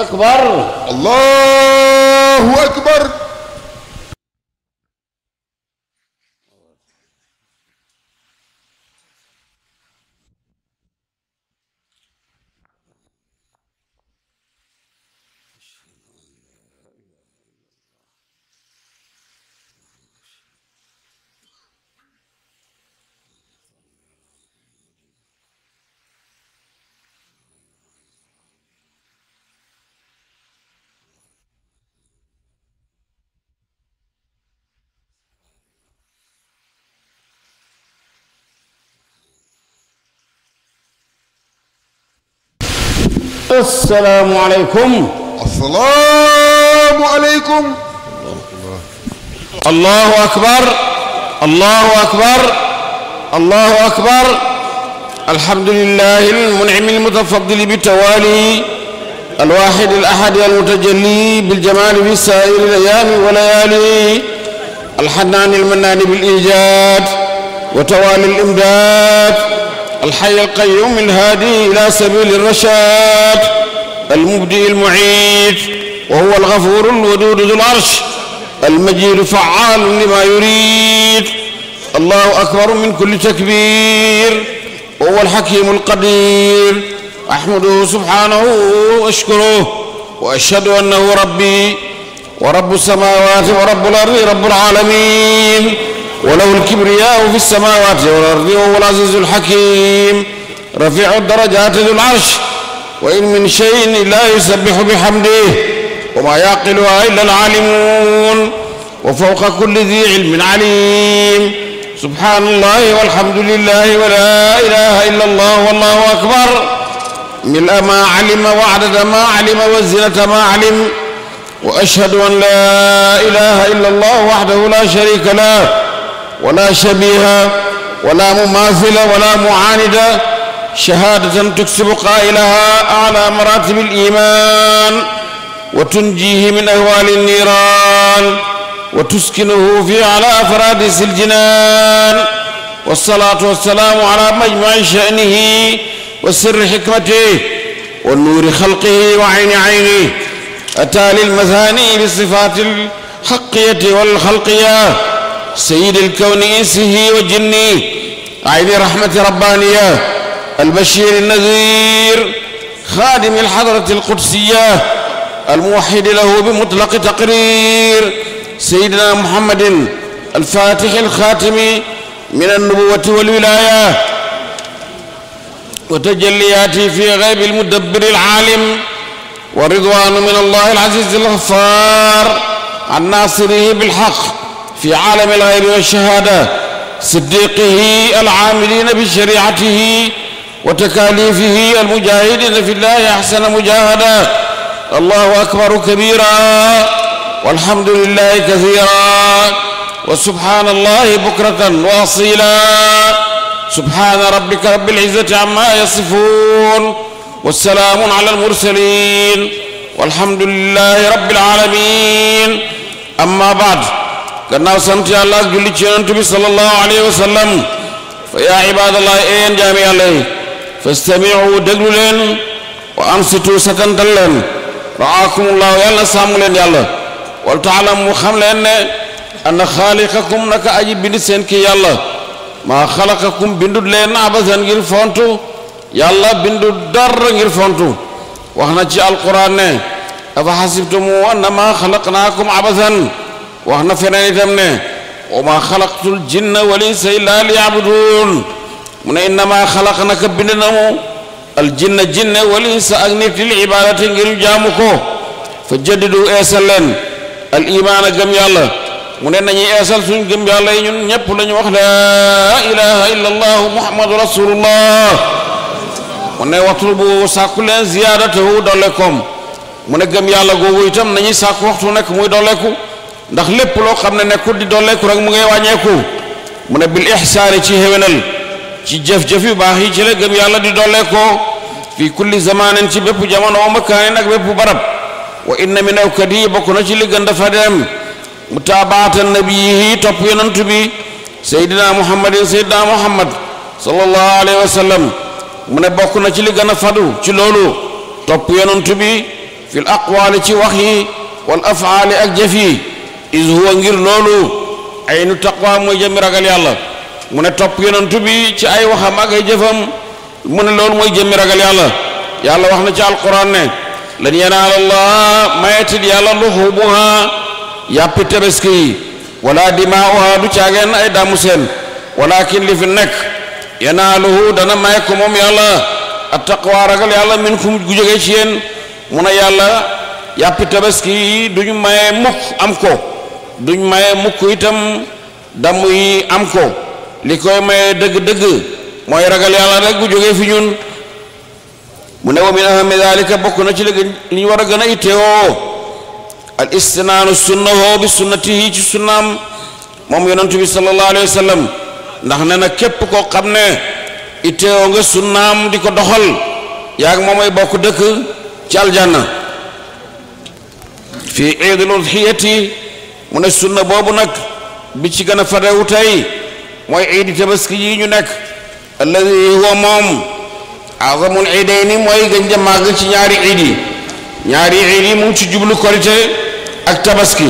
أكبر الله أكبر السلام عليكم السلام عليكم الله أكبر الله أكبر الله أكبر الحمد لله المنعم المتفضل بتوالي الواحد الأحد المتجلي بالجمال في سائر الأيام وليالي الحنان المنان بالإيجاد وتوالي الإمداد الحي القيوم الهادي إلى سبيل الرشاد المبدئ المعيد وهو الغفور الودود ذو العرش المجيد فعال لما يريد الله أكبر من كل تكبير وهو الحكيم القدير أحمده سبحانه وأشكره وأشهد أنه ربي ورب السماوات ورب الأرض رب العالمين وله الكبرياء في السماوات والأرض وهو العزيز الحكيم رفيع الدرجات ذو العرش وإن من شيء إلا يسبح بحمده وما يعقلها إلا العالمون وفوق كل ذي علم عليم سبحان الله والحمد لله ولا إله إلا الله والله أكبر ملء ما علم وعدد ما علم وزنة ما علم وأشهد أن لا إله إلا الله وحده لا شريك له ولا شبيها ولا مماثلة ولا معاندة شهادة تكسب قائلها أعلى مراتب الإيمان وتنجيه من أهوال النيران وتسكنه في على فرادس الجنان والصلاة والسلام على مجمع شأنه وسر حكمته والنور خلقه وعين عينه أتى للمثاني بصفات الحقية والخلقية سيد الكون إنسه وجني عيد رحمة ربانية البشير النذير خادم الحضرة القدسية الموحد له بمطلق تقرير سيدنا محمد الفاتح الخاتم من النبوة والولاية وتجلياته في غيب المدبر العالم ورضوان من الله العزيز الغفار عن ناصره بالحق في عالم الغيب والشهادة صديقه العاملين بشريعته وتكاليفه المجاهدين في الله أحسن مجاهدة الله أكبر كبيرا والحمد لله كثيرا وسبحان الله بكرة وأصيلا سبحان ربك رب العزة عما يصفون والسلام على المرسلين والحمد لله رب العالمين أما بعد كنا سنتي الله جلي جنان تبي صلى الله عليه وسلم فيا عباد الله اين جامي عليه فاستمعوا دغلن وانصتوا سكنتلن رعاكم الله يلا ساملن يلا ولتعلم خملن ان خالقكم نك اجي بن سنك يلا ما خلقكم بندد لين ابدا غير فونتو يلا بندد در غير فونتو وحنا جي القران افحسبتم انما خلقناكم عبثا وحنا فراني دمنا وما خلقت الجن وليس إلا ليعبدون من إنما خلقناك بننم الجن جن وليس أغنيت العبادة غير جامكو فجددوا إيسلن الإيمان جم يالا من إن إيسل سن جم يالا لا إله إلا الله محمد رسول الله من وطلبوا ساكلين زيارته دولكم من جم يالا قويتم نجي ساكوختونك مويدولكم ndax lépp lo xamne ne nekkul di dolleeku rek mu ngay wàññeeku mu ne bil ihsan ci hewenal ci jëf-jëf yu baax yi ci la gëm yàlla di dole ko fi kulli zamanin ci bépp jamono wa makaanin nak bépp barab wa in min awkadi bokk na ci li gën fa dem mutaabaata nabiyhi top yonent bi sayyidina muhammad sayyidina muhammad sallallahu alaihi wasallam sallam mu ne bokk na ci li gën fadu ci lolu top yonent bi fil aqwal ci wax yi wal afaali ak jëf is huwa ngir loolu ay nu taqwa mooy jëmmi ragal yàlla mu topp yonantu bi ci ay waxam ak ay jëfam mu loolu mooy jëmmi ragal yàlla yàlla wax na ci alquran ne lan yanaala allah mayetit yàlla luxuumuha yàppi tabaski yi wala dimaauha du caageen ay damu seen walakin li fi nekk yanaaluhu dana maye ko moom yàlla a taqwa ragal yàlla min kum gu jógee ci yéen mu yàlla yàppi tabaski du duñu maye mukk am ko duñ maye mukk itam damm yi am ko li koy maye dëgg-dëgg mooy ragal yàlla rek bu jógee fi ñun mu ne wa min ahami dalika bokk na ci léegi li ñu war a gën a itteewoo al istinaanu sunnahu bi sunnatihi ci sunnaam moom yonentu bi sallallahu alayhi ndax ne na képp koo xam ne itteewoo nga sunnaam di ko doxal yaag moom ay bokk dëkk ci aljanna fi iidul udhiyati mu ne sunna boobu nag bi ci gën a fadewu tey mooy iidi tabaski yi ñu nekk alladi huwa moom azamul iidayni mooy gën ja màgg ci ñaari iid ñaari iid yi ci jublu korite ak tabaski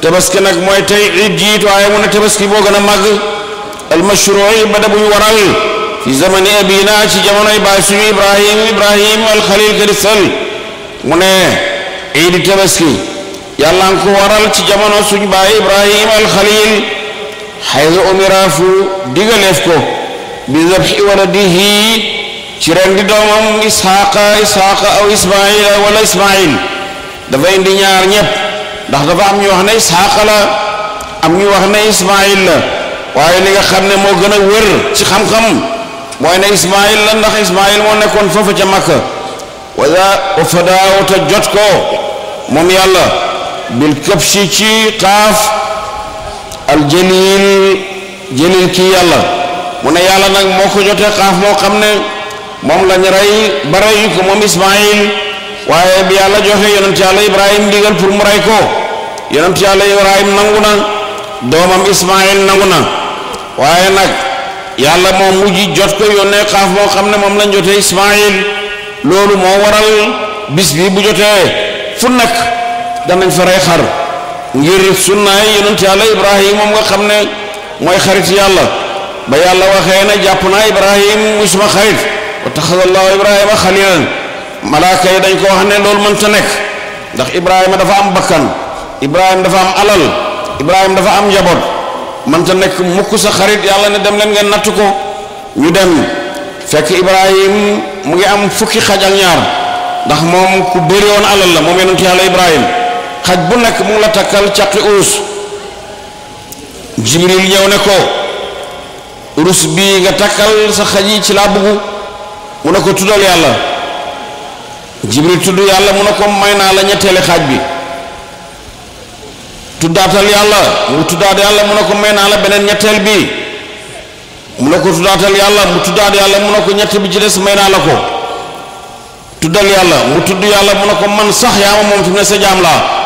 tabaski nag mooy tey iid jiit waaye mu ne tabaski boo gën a màgg almashrui bada buñ waral fi zamani abina ci jamonoy baay suñu ibrahim ibrahim alxalil kadisal mu ne iidi tabaski يالان كو ورال سي جامونو سوني با ابراهيم الخليل حيث امرافو ديغاليفكو بذبح ولده تيراند دومم اسحاق اسحاق او اسماعيل ولا اسماعيل دا فاي ندي ñar ñep ndax dafa am ñu xane اسحاق لا am ñu xane اسماعيل لا waye li nga xamne mo gëna wër ci xam xam اسماعيل لا ndax اسماعيل مو نيكون فوفو ci makka wala ofadaa wota jot ko bil kabshi ci xaaf aljëniin jëniin kii yàlla mu ne yàlla nag moo ko jotee xaaf moo xam ne moom lañ rey ba rey ko moom ismail waaye bi yàlla joxe yonent yàlla ibrahim ndigal pour mu rey ko yonent yàlla ibrahim nangu na doomam ismail nangu na waaye nag yàlla moo mujj jot ko yónnee xaaf moo xam ne moom lañ jotee ismail loolu moo waral bis bi bu jotee fu nekk danañ fa ray xar ngir sunnaay ci ala ibrahim moom nga xamne moy mooy xarit yalla ba yalla waxe na japp na ibrahim musma suma xarit wa taxada allah ibrahim xalilan malaika yi dañ ko waxne lol loolu ta nek ndax ibrahim dafa am bakkan Ibrahim dafa am alal Ibrahim dafa am jabot. ta nek mukk sa xarit yalla ne dem len ngeen natou ko ñu dem fekk ibrahim mu ngi am fukki xajal ñaar ndax mom ku won alal la Mom yonent yàlla ibrahim xaj bu nekk mu la takkal caqi urus jibril ñëw ne ko urus bii nga takkal sa xaj yi ci laa buggu mu ne ko tuddal yàlla jibril tudd yàlla mu ne ko may naa la ñetteeli xaaj bi tuddaatal mu tuddaat yàlla mu ne ko may naa la beneen ñetteel bi mu ne ko tuddaatal yàlla mu tuddaat yàlla mu ne ko ñett bi ci des may naa la ko tuddal yàlla mu tudd yàlla mu ne ko man sax yaa ma moom fi mu ne sa jaam laa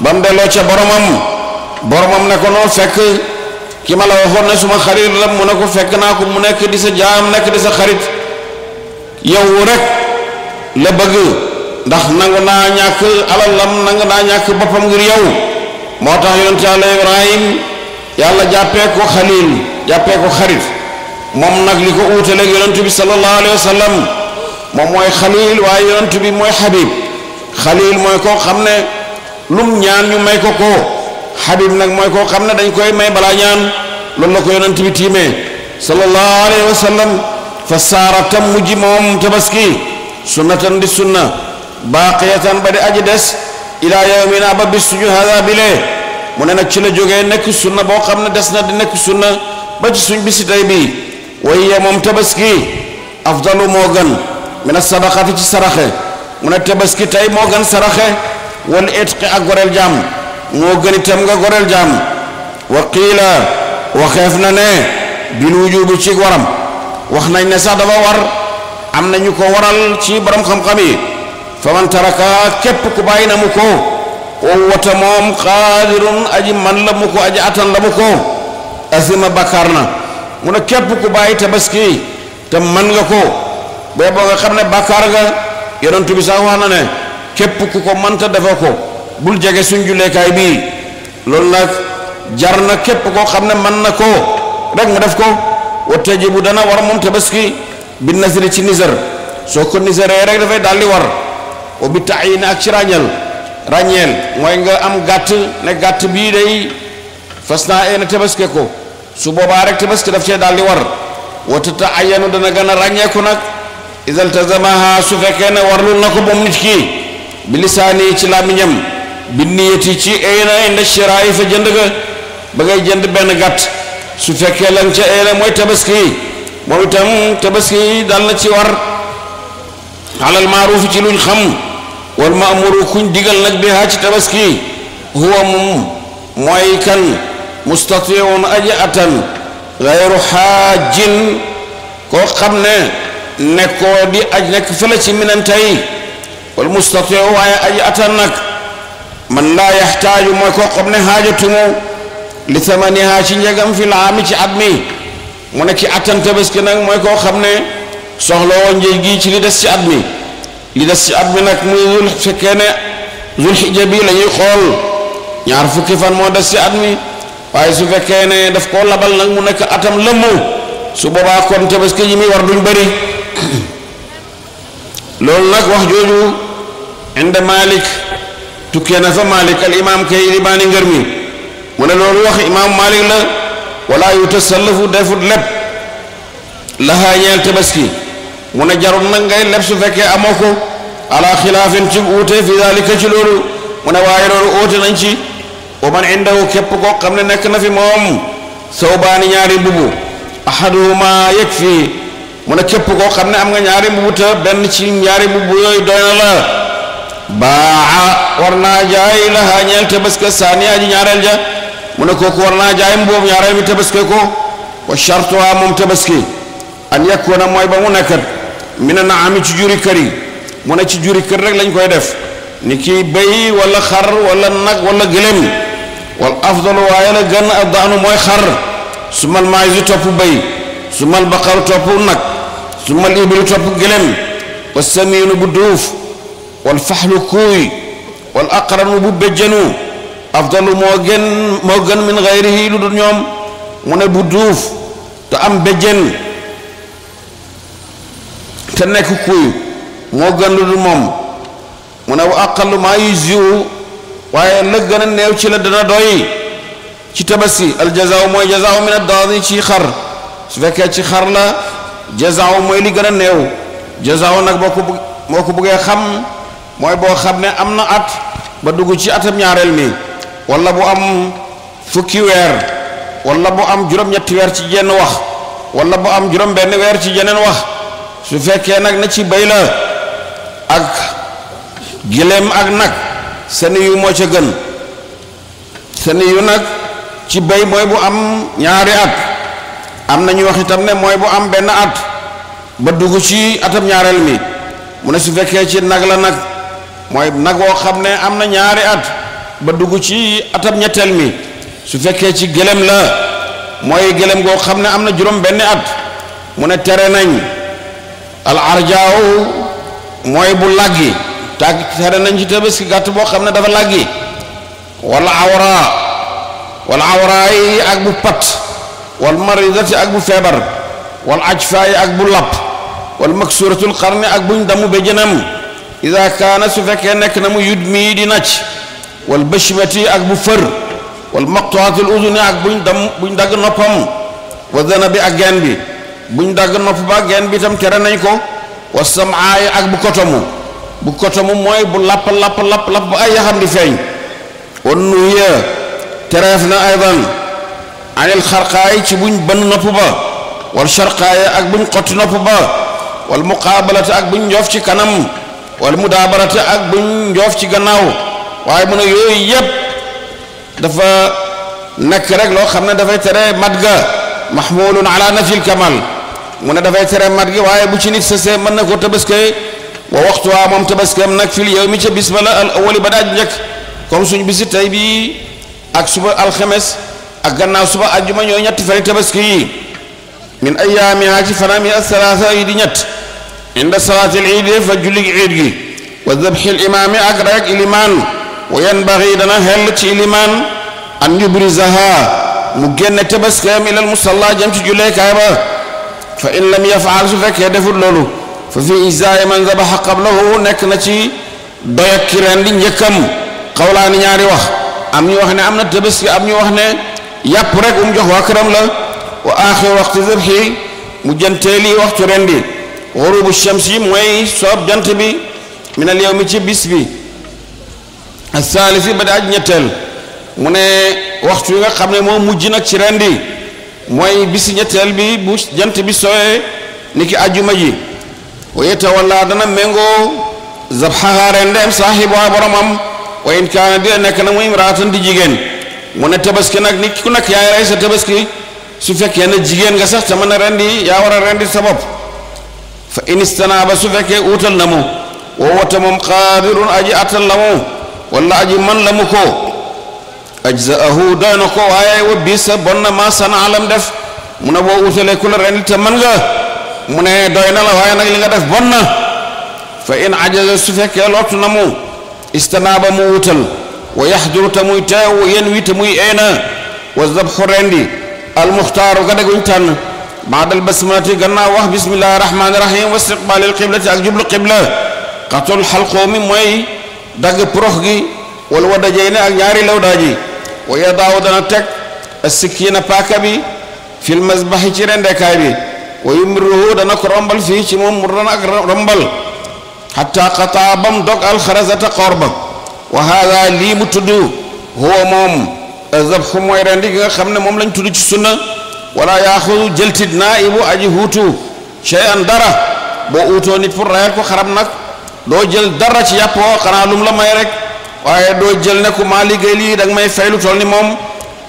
ba mu delloo ca boromam boromam ne ko noo fekk ki ma la waxoon ne suma xarit la mu ne ko fekk naa ko mu nekk di sa jaam nekk di sa xarit yow rek la bëgg ndax nangu naa ñàkk alalam nangu naa ñàkk boppam ngir yow moo tax yonent yàlla ibrahim yàlla jàppee ko xalil jàppee ko xarit moom nag li ko uutaleeg yonent bi sallallahu alayhi wa sallam moom mooy xalil waaye yonent bi mooy xabib xalil mooy koo xam ne lum ñaan ñu may ko ko Habib nag mooy ko xam ne dañ koy may balaa ñaan loolu la ko yonent bi tiimee sallallahu alayhi wa sallam fa saara tam mujj moom tabaski sunnatan di sunna baaqiyatan ba di aji des ilaa yawmina ba bis suñu hada mu ne nag ci la jógee nekk sunna boo xam ne des na di nekk sunna ba ci suñ bisi tay bi waye moom tabaski afdalu moo gën mina sadaqati ci saraxe mu ne tabaski tay moo gën saraxe wal itqi ak goreel jaam moo gën itam nga goreel jaam wa qiila waxeef na ne bil wujubi ci waram wax nañ ne sax dafa war am na ñu ko waral ci borom xam-xam yi fa man taraka képp ku na mu ko wowata moom xaadirun aji man la mu ko aji atan la mu ko asima bakkaar na mu ne képp ku bàyyi tabaski te man nga ko booba nga xam ne bakar nga yonent bi sax wax na ne képp ku ko manta defe ko bul jege suñ julleekaay bii loolu nag jar na képp koo xam ne man na ko rek nga def ko wate ji bu dana war moom tabaski bi nasri ci nisar soo ko nisaree rek dafay daldi war o bi tax ak ci ràññeel ràññeel mooy nga am gàtt ne gàtt bii day fas naa eena tabaske ko su boobaa rek tabaski daf cee daldi war wata ta ayanu dana gën a ràññeeku nag isal tazamaha su fekkee ne war warlul na ko moom nit kii bi lisaani ci làmmiñam bi niyati ci ay na inda shiraay fa jënd ga ba ngay jënd benn gàtt su fekkee lan ca ay la mooy tabaski moom itam tabaski dal na ci war alal maaruuf ci luñ xam wal maamuru kuñ digal nag bi ci tabaski huwa moom mooy kan mustatiun aji atan gayru xaajin koo xam ne nekkoo di aj nekk fële ci minantay والمستطيع واي اجاتنك من لا يحتاج ما قبن حاجته لثمانيها شي جام في العام شي ادمي من كي اتنت بس كن ما كو خمن سوخلو نجي جي شي لي دسي ادمي لي دسي ادمي نك مو ذو الحكمه ذو الحجاب لا يخول ñar fukki fan mo dess ci atmi waye su fekke ne daf ko labal nak mu nek atam lemu su boba kon tebeske yimi inda malik tukkee na fa malik al imam kay ribaani ngër mi mu ne loolu wax imaamu malik la wala yu tasallafu defut leb lahaa ñeel tabaski mu ne jarul ngay leb su fekkee amoo ko ala xilaafin ci uute fi dalika ci loolu mu ne waaye loolu uute nañ ci wa man indahu képp koo xam ne nekk na fi moom sawbaani ñaari mbubu ahaduhuma yakfi mu ne képp koo xam ne am nga ñaari mbubu te benn ci ñaari mbubu yooyu doy na la baaxa war naa jaay laha ñeel tabaska saaniya ji ñaareel ja mu ne kooku war naa jaay mbuum ñaareel bi tabaske ko wa shartuha moom tabaski an yakuna mooy ba mu nekkat mina naami ci juri kër yi mu na ci juri kër rek lañ koy def ni kii wala xar wala nag wala gëlëm wal afdalu waaye la gën a daanu mooy xar sumal maïs topp béy sumal baqaru topp nag sumal ibilu topp gëlëm wa samiinu bu duuf walfaxlu kuuy wal aqranu bu béjjanu afdalu moo gën moo gën min gayrihi lu dul ñoom mu ne bu duuf te am béjjen te nekk kuy moo gën lu dul moom mu ne wa aqalu maa yuziu waaye la gën a new ci la dana doy ci tabaski aljazaaw mooy jazaaw min addaadi ci xar su fekkee ci xar la jazaaw mooy li gën a new jazaaw nag boo ko bëggee xam mooy boo xam ne am na at ba dugg ci atam ñaareel mi walla bu am fukki weer wala bu am juróom-ñetti weer ci jenn wax walla bu am juróom-benn weer ci jeneen wax su fekkee nag na ci bay la ak gileem ak nag seen yu moo ca gën seen yu nag ci bay mooy bu am ñaari at am na ñu wax itam ne mooy bu am benn at ba dugg ci atam ñaareel mi mu ne su fekkee ci nag la nag mooy nag woo xam ne am na ñaari at ba dugg ci atam ñetteel mi su fekkee ci gëlem la mooy gëlem goo xam ne am na juróom benn at mu ne tere nañ al arjaaw mooy bu làggi tag tere nañ ci tabaski gàtt boo xam ne dafa làggi wala awra wala awra yi ak bu pat wal maridati ak bu feebar wal ajfa ak bu lapp wal maksuratul xarni ak buñ damu béjënam إذا كان سفك أنك نمو يدمي دينك والبشمة أكبو فر والمقطعة الأذن أكبو دم بندق نفهم وذن بأجن بي بندق نفهم بأجن بي تم ترى نيكو والسمع أكبو كتمو بكتمو موي بلاب بلاب بلاب بلاب بأي حم دفعي ونوية ترى فينا أيضا عن الخرقاي تبون بن نفهم والشرقاي أكبو قط نفهم والمقابلة أكبو يفشي كنمو والمدابرات اك بن جوف سي غناو واي مون يوي ييب دافا نك رك لو خامنا دافا تري مدغا محمول على نفي الكمال مون دافا تري مدغا واي بو سي نيت سسي من نكو تبسكي ووقتها مام تبسكم نك في اليوم تي بسم الله الاول بدا نك كوم سوني بيسي تاي بي اك الخميس اك غناو سوبا الجمعه ньо نيت فري تبسكي من ايامها في فرامي الثلاثه يدي عند صلاة العيد فجلق عيد وذبح الإمام أقرأك إلمان وينبغي لنا هلت إلمان أن يبرزها مجنة بس كام إلى المصلى جمت جليك عبا فإن لم يفعل فك يدف اللولو ففي إزاء من ذبح قبله نكنتي بيكران لن يكم قولان ياري وخ أمني وحنا أمنا تبسك أمني وحنا يبرك أمجه وأكرم له وآخر وقت ذبحي مجنتيلي وقت رندي xurubu shams yi mooy soob jant bi min al yawmi ci bis bi asaalisi ba daaj ñetteel mu ne waxtu nga xam ne moo mujj nag ci rendi mooy bisi ñetteel bi bu jant bi sooyee ni ki ajjuma ji waye tawalla dana méngoo zabxaha rendeem saaxibuha boromam wa in kaana dina nekk na mu imraatan di jigéen mu ne tabaski nag nit ku nekk yaay rey sa tabaski su fekkee na jigéen nga sax te mën a rendi yaa war a rendi sa bopp فإن استناب سفك أوتل نمو ووتمم قادر أجي أت النمو ولا أجي من لمكو أجزأه دانكو آي وبيس بنا ما سنع لم دف من أبو أوت لكل رنل تمنغ من دوينا لهاي نغل دف بنا فإن عجز سفك أوت النمو استناب موتل ويحضر تمويته وينوي تموي أين والذبح رندي المختار قد قلتن بعد البسمة قلنا واه بسم الله الرحمن الرحيم واستقبال القبلة أجب القبلة قتل حلقه من موي دق بروخي والودا جينا أجاري لو داجي ويضع ودنا تك السكينة باكبي في المذبح تيرين دكايبي ويمره دنا كرمبل فيه شمون مرنا كرمبل حتى قطع بم دق الخرزة قربا وهذا لي متدو هو موم الذبح موي رندي خمنا موم لن wala yaaxudu jëltit naa'ibu aji huutu shay'an dara boo uutoo nit rayal ko xaram nag doo jël dara ci yàpp woo lum la may rek waaye doo jël ne ku maa may fay lu toll ni moom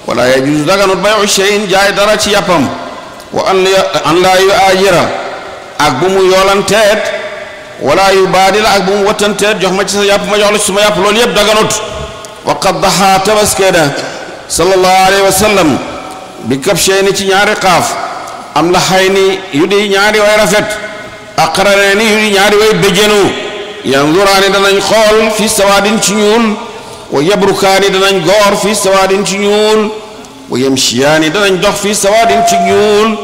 wala yajuuzu daganut bayu shay'in jaay dara ci yàppam wa an laa yu ak bu mu yoolanteet wala yu baadi la ak bu mu wattanteet jox ma ci sa yàpp ma jox la ci suma yàpp loolu yëpp daganut wa qad daxaa tabaskee na sallallahu alayhi wa بكبشيني تي نياري قاف ام لا حيني يدي نياري واي رافيت اقرانني يدي نياري واي بجنو ينظران دانن خول في سوادين تي نيول ويبركان دانن غور في سوادين تي نيول ويمشيان دانن دوخ في سوادين تي نيول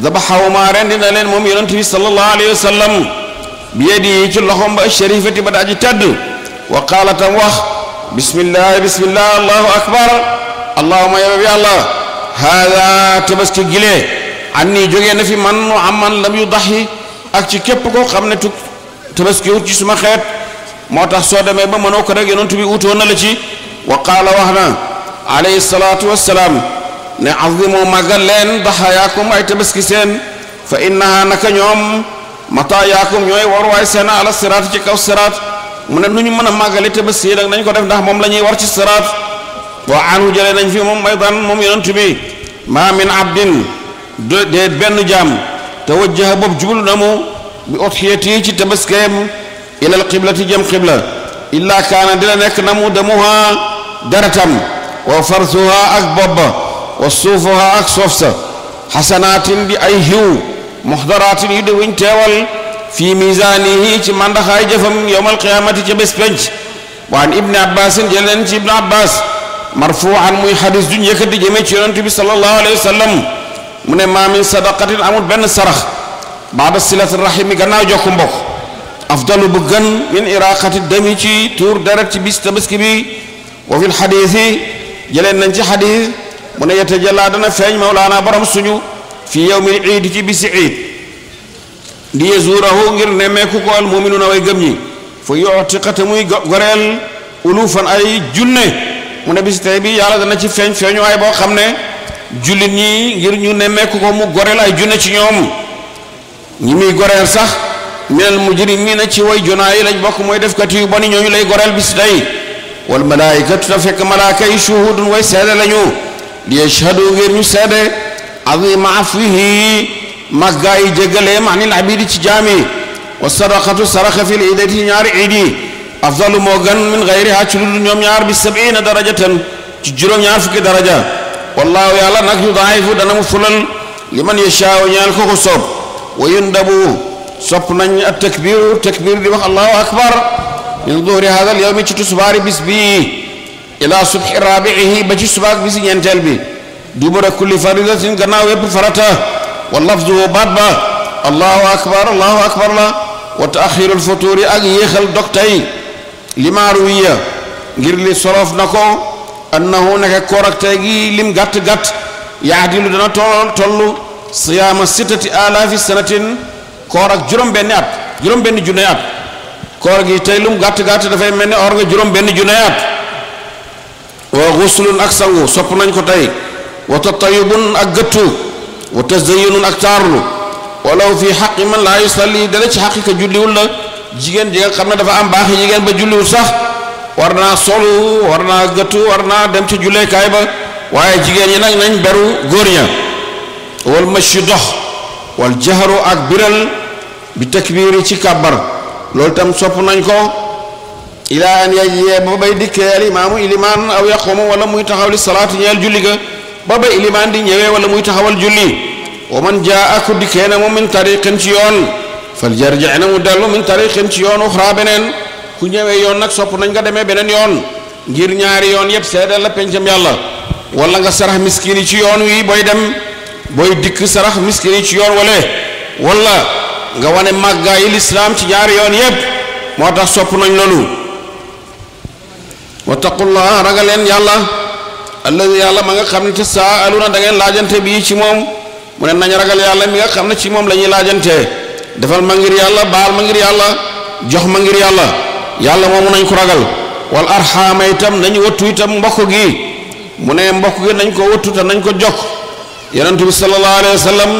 ذبحوا ما رند دانن موم يونتي صلى الله عليه وسلم بيدي تي لخوم با شريفتي با داجي تاد وقالت واخ بسم الله بسم الله الله اكبر اللهم يا ربي الله hada tabaski gilee an nii jógee na fi man am man lam yu daxi ak ci képp ko xam ne tuk tabaski wut ci suma xeet moo tax soo demee ba mënoo ko rek yonent bi utoo na la ci wa qaala wax na alayhi salaatu wassalaam ne azimu màggal leen daxayaakum ay tabaski seen fa innaha naka ñoom mata yaakum ñooy war waay seen ala siraat ci kaw siraat mu ne nu ñu mën a màggale tabaski nag nañ ko def ndax moom la ñuy war ci siraat وعن جلي نجفي مم أيضا مم ينتبه ما من عبد ده بن جام توجه باب جبل نمو بأطحيته تبس كيم إلى القبلة جام قبلة إلا كان دلنك نمو دموها درتم وفرثها أكبب وصوفها أكسوفس حسنات بأيهو محضرات يدوين تول في ميزانه من دخائجهم يوم القيامة تبس بنج وعن ابن عباس جلن ابن عباس مرفوعا موي حديث جون يكدي جيمي تي يونت بي صلى الله عليه وسلم من ما من صدقه امول بن سرخ بعد صله الرحم غناو جوكم بوك افضل بغن من اراقه الدم تي تور درت بيست مسكبي وفي الحديث جلن نجي حديث من يتجلى دنا فاج مولانا برام سونو في يوم العيد تي بيس عيد دي زوره غير نيمكو كو المؤمنون وي غمني فيعتقت موي غريل الوفا اي جنه mu ne bis tey bi yàlla dana ci feeñ feeñuwaay boo xam ne jullit ñi ngir ñu ne nemmeeku ko mu goreel ay junne ci ñoom ñi muy goreel sax minal mujrimiina ci way junaa yi lañ bokk mooy defkat yu bon ñooñu lay goreel bis tey wal malaayikatu te fekk malaaka yi shuhudun way seede lañu li yashhadu ngir ñu seede azima afwihi màggaa yi jéggaleem anil abidi ci jaami wa sadaqatu saraxa fil idati ñaari idi افضل موغن من غيرها تشول نيوم ñaar bi 70 درجه تن ci juroom درجه والله يا الله نك ضعيف دنا فلل لمن يشاء ñal ko ko sop ويندبو sop nañ التكبير تكبير دي الله اكبر من ظهر هذا اليوم تشي تصبار بس بي الى صبح رابعه بجي صباك بس ينتل بي دبر كل فريضه غنا ويب فرتا واللفظ بابا الله اكبر الله اكبر لا وتاخير الفطور اجي يخل دكتور limaaru wiya ngir li solof na ko annahu nekk koor ak tey gi lim gàtt-gàtt yaadilu dana toll toll siyaama sittati alaafi sanatin koor ak juróom-benni at juróom-benni junne at koor gi mel ne or nga juróom-benni junne ak sangu sopp nañ ko tey wa tatayubun ak gëttu wa tasdayinun ak taarlu walaw fi xaqi man laa yusalli dana ci xaqi ka julliwul la jigen jigen xamna dafa am bax jigen ba julliwul sax warna solo solu gatu warna dem ci kay ba waye jigen yi nak nañ beru wal mashdah wal jahru akbiral. bi takbir ci kabar lol tam sop nañ ko ila an yajee ba bay dikke al imaamu iman aw yaqumu wala muy taxaw li salaati ñeel julli ga ba bay iman di ñewé wala muy taxawal julli wa jaa aku dikena na mu min tariqin ci yoon fal na mu dellu min tarixin ci yoon uxra beneen ku ñëwee yoon nag sopp nañ nga demee beneen yoon ngir ñaari yoon yépp seedal la pencam yàlla wala nga sarax miskin yi ci yoon wi booy dem booy dikk sarax miskin yi ci yoon wale wala nga wane màggaa yi lislaam ci ñaari yoon yépp moo tax sopp nañ loolu wattaqullaha ragal leen yàlla alladi yàlla ma nga xam ne te saa aluna da ngeen laajante bii ci moom mu ne nañ ragal yàlla mi nga xam ne ci moom la ñuy laajante defal ma ngir yàlla baal ma ngir yàlla jox ma ngir yàlla yàlla moomu nañ ko ragal wal arxaama itam nañ wattu itam mbokk gi mu ne mbokk gi nañ ko wattu te nañ ko jokk yonent bi sallallahu alayhi wa sallam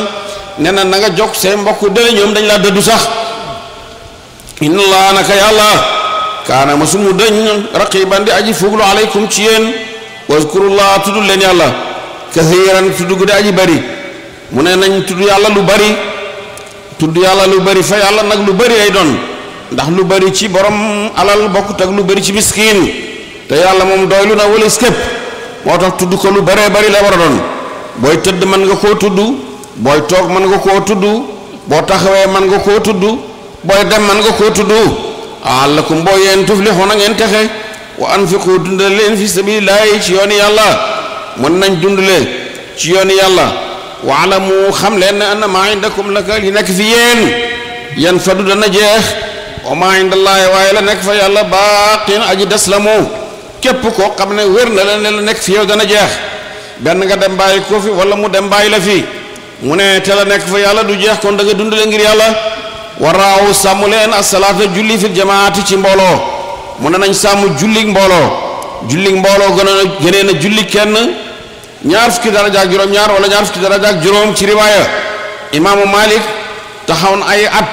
nee na na nga jokk say mbokk ñoom dañ laa dëddu sax inna laa naka yàlla kaana ma sumu dañ raqiban di aji fuglu aleykum ci yéen waskurullah tudd leen yàlla kathiran tudd gu di aji bari mu ne nañ tudd yàlla lu bari tudd yàlla lu bari fa yàlla nag lu bari ay doon ndax lu bari ci borom alal bokkut ak lu bari ci miskin te yàlla moom doylu na wala skep moo tax tudd ko lu baree bari la war a doon booy tëdd mën nga koo tudd booy toog mën nga koo tudd boo taxawee mën nga koo tudd booy dem mën nga koo tudd allakum boo yeen tuflixuuna ngeen texe wa anfiqu dundal leen fi sabilillahi ci yooni yàlla mën nañ dundale ci yooni yàlla waalamu xam leen ne anna maa indakum laka li nekk fi yéen yan fadu dana jeex wa maa indallaahi waaye la nekk fa yàlla baaqin aji des la moo képp ko xam ne wér na leen ne la nekk fi yow dana jeex benn nga dem bàyyi ko fi wala mu dem bàyyi la fi mu ne te la nekk fa yàlla du jeex kon da dund dundale ngir yàlla waraaw sàmm leen asalaata julli fil jamaati ci mbooloo mu ne nañ sàmm jullig mbooloo jullig mbooloo gën a gënee na julli kenn ñaar fukki daraja ak juróom ñaar wala ñaar fukki daraja ak juróom ci riwaaya imaamu Malik taxaw na ay at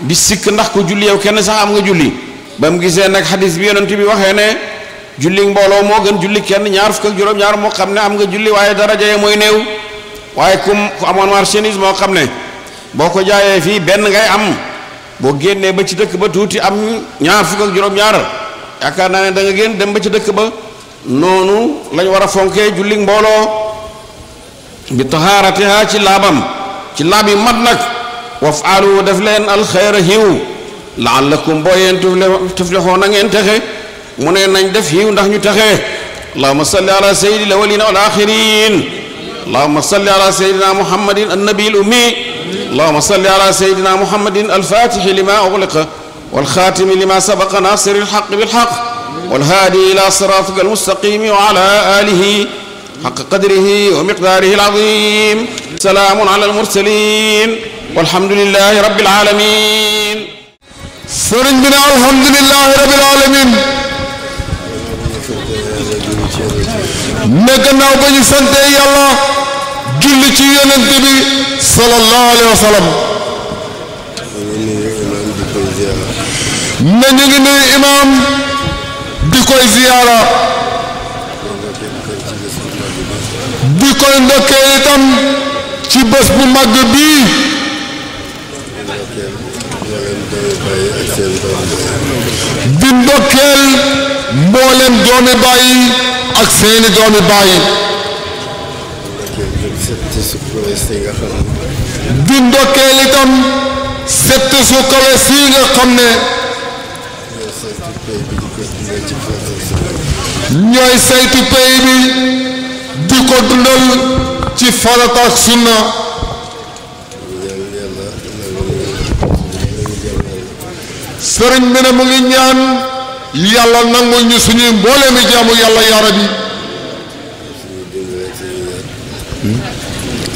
bi sikk ndax ko julli yow kenn sax am nga julli ba mu gisee nag xadis bi yonent bi waxee ne julli mbooloo moo gën julli kenn ñaar fukk ak juróom ñaar moo xam ne am nga julli waaye daraja mooy néew waaye kum amoon marchandise moo xam ne boo ko jaayee fii benn ngay am boo génnee ba ci dëkk ba tuuti am ñaar fukk ak juróom-ñaar yaakaar naa ne da nga génn dem ba ci dëkk ba nonu lañ wara fonké fonkee julli mbooloo bi taharatiha ci labam ci labi mat nak waf'alu daf len al khair hiw laallakum boo tuflihu na ngeen taxé mune nañ def hiw ndax ñu taxé allahuma salli ala sayidi lawalina wal axirin اللهم صل على سيدنا محمد النبي الأمي اللهم صل على سيدنا محمد الفاتح لما أغلق والخاتم لما سبق ناصر الحق بالحق والهادي إلى صراطك المستقيم وعلى آله حق قدره ومقداره العظيم سلام على المرسلين والحمد لله رب العالمين سرين الحمد لله رب العالمين نكنا وبني سنتي الله julli ci yonent bi sallallahu alayhi wa sallam na di koy ziyaara di koy ndokkee itam ci bés bu màgg bii di ndokkeel mbooleem doomi bàyyi ak seeni doomi bàyyi di ndokkeel itam sett su kawe sii nga xam ne ñooy saytu pay bi di dundal ci farata ak sunna sëriñ bi ne mu ngi ñaan yàlla nangu ñu suñuy mboolee mi jaamu yàlla yaara bi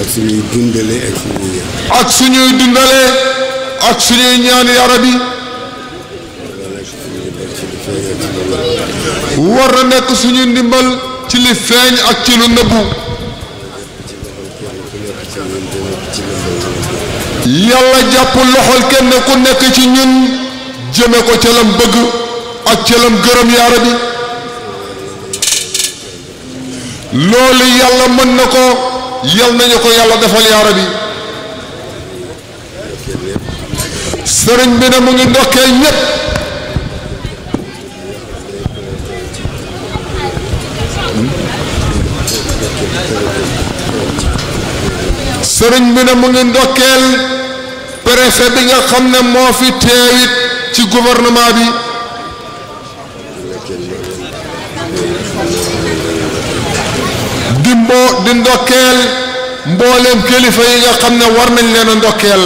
ak suñuy dundale ak suñuy ñaan yaara bi war na nekk suñu ndimbal ci li ak ci lu nëbbu yàlla jàpp loxol kenn ku nekk ci ñun jëme ko ca lam bëgg ak ca lam gërëm yaara bi loolu yàlla mën na ko yal nañu ko yàlla defal yaara bi sëriñ mu ngi ndokkee ñépp sëriñ bi ne mu ngi ndokkeel préfet bi nga xam ne moo fi teewit ci gouvernement bi di mbo di ndokkeel mbooleem kilifa yi nga xam ne war nañ leen a ndokkeel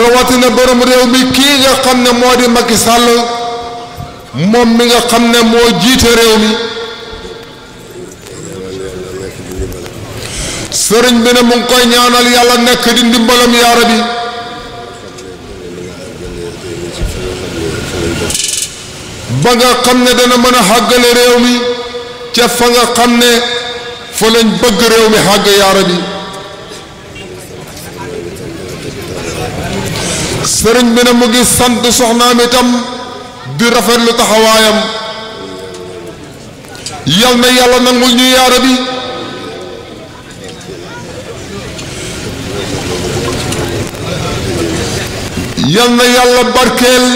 rawatina borom réew mi kii nga xam ne moo di Macky moom mi nga xam ne moo jiite réew mi sëriñ bi ne mu ngi koy nekk di ndimbalam yaara bi ba nga xam ne dana mën a xàggale réew mi ca fa nga xam ne fa lañ bëgg mi xàgg yaara bi sëriñ bi mu ngi sant soxnaam itam di rafetlu taxawaayam yal na yàlla nangul ñu yaara bi yal na yàlla barkeel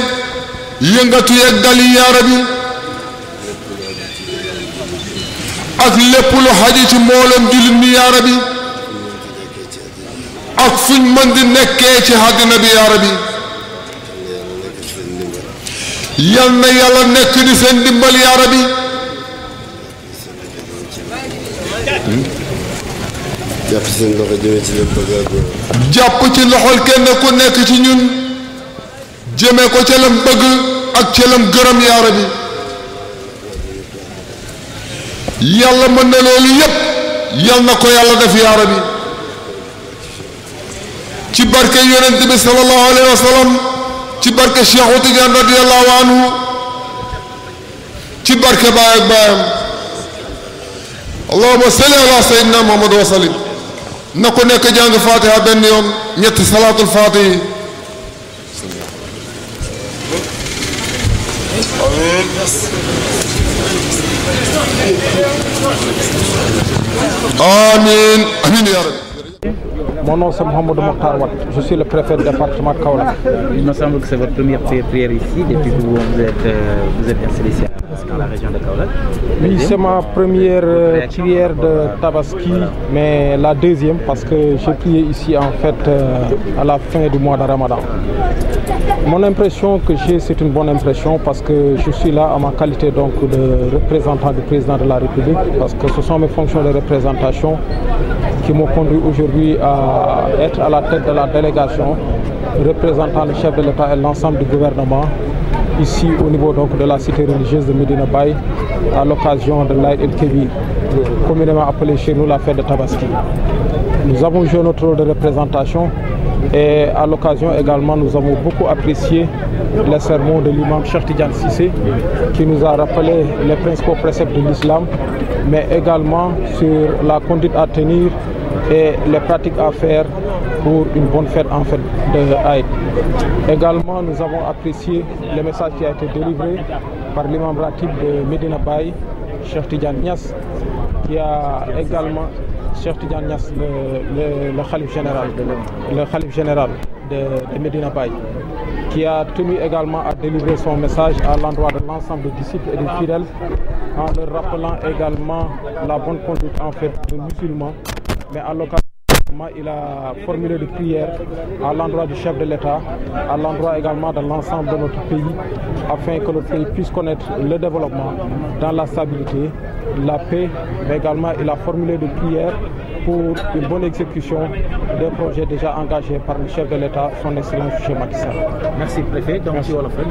yëngatu yeeg dali yaara bi ak lépp lu xaji ci mi yaara bi ak fuñ mën di nekkee ci àddina bi yaara yal na yàlla nekk di seen dimbal yaa rabbi jàpp ci seen loxo jëmee ci lépp bëgg ak jàpp ci loxol kenn ku nekk ci ñun jëmee ko ca lam bëgg ak ca lam gërëm yaa rabbi yàlla mën na loolu yépp yal na ko yàlla def yaa rabbi ci barke yonent bi sallallahu alayhi wa sallam ci barke Cheikh Tidiane radiyallahu anhu ci barke baay ak baayam allahuma salli ala sayyidina muhammad wa sallim na ku nekk jàng fatiha benn yoon ñetti salaatul fatihi آمين آمين يا رب Mon nom c'est Mohamed Makarwa. je suis le préfet du département de Il me semble que c'est votre première prière ici depuis que vous, êtes, vous êtes euh, oui, c'est ma première euh, prière de euh, Tabaski, mais la deuxième parce que j'ai prié ici en fait euh, à la fin du mois de Ramadan. Mon impression que j'ai, c'est une bonne impression parce que je suis là à ma qualité donc de représentant du président de la République parce que ce sont mes fonctions de représentation qui m'ont conduit aujourd'hui à être à la tête de la délégation représentant le chef de l'État et l'ensemble du gouvernement ici au niveau donc de la cité religieuse de Medina Bay à l'occasion de l'Aïd El Kébi, communément appelée chez nous la fête de Tabaski. Nous avons joué notre rôle de représentation et à l'occasion également nous avons beaucoup apprécié les sermons de l'imam Cheikh Tidjan Sissé qui nous a rappelé les principaux préceptes de l'islam mais également sur la conduite à tenir et les pratiques à faire pour une bonne fête en fait de Haït. Également, nous avons apprécié le message qui a été délivré par l'imam Ratib de Medina Bay, Cheikh Tidjan qui a également Cheikh Tidjan le, khalif général, le général de, Medina Bay, qui a tenu également à délivrer son message à l'endroit de l'ensemble des disciples et des fidèles en leur rappelant également la bonne conduite en fait de musulmans mais à l'occasion il a formulé des prières à l'endroit du chef de l'État, à l'endroit également dans l'ensemble de notre pays, afin que notre pays puisse connaître le développement dans la stabilité, la paix, mais également il a formulé des prières pour une bonne exécution des projets déjà engagés par le chef de l'État, son excellent chez Macky Merci préfet. Donc message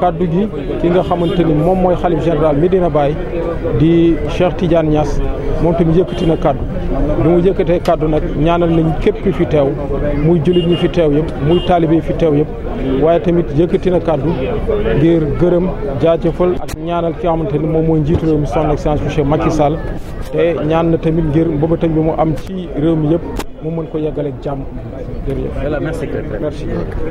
kaddu gi ki nga xamante ni moom mooy xalif général Medina bàyyi di Cheikh Tidiane ñaas moom tamit yëkkati na kàddu bi mu yëkkatee kàddu nag ñaanal nañ képp fi teew muy jullit ñi fi teew yëpp muy taalibe fi teew yëpp waaye tamit yëkkati na kàddu ngir gërëm jaajëfal ak ñaanal ki nga ni moom mooy njiit réew mi son excellence monsieur Macky Sall te ñaan na tamit ngir mbëbëtañ bi mu am ci réew mi yëpp mu mën ko yeggaleeg jàmm jërëjëf merci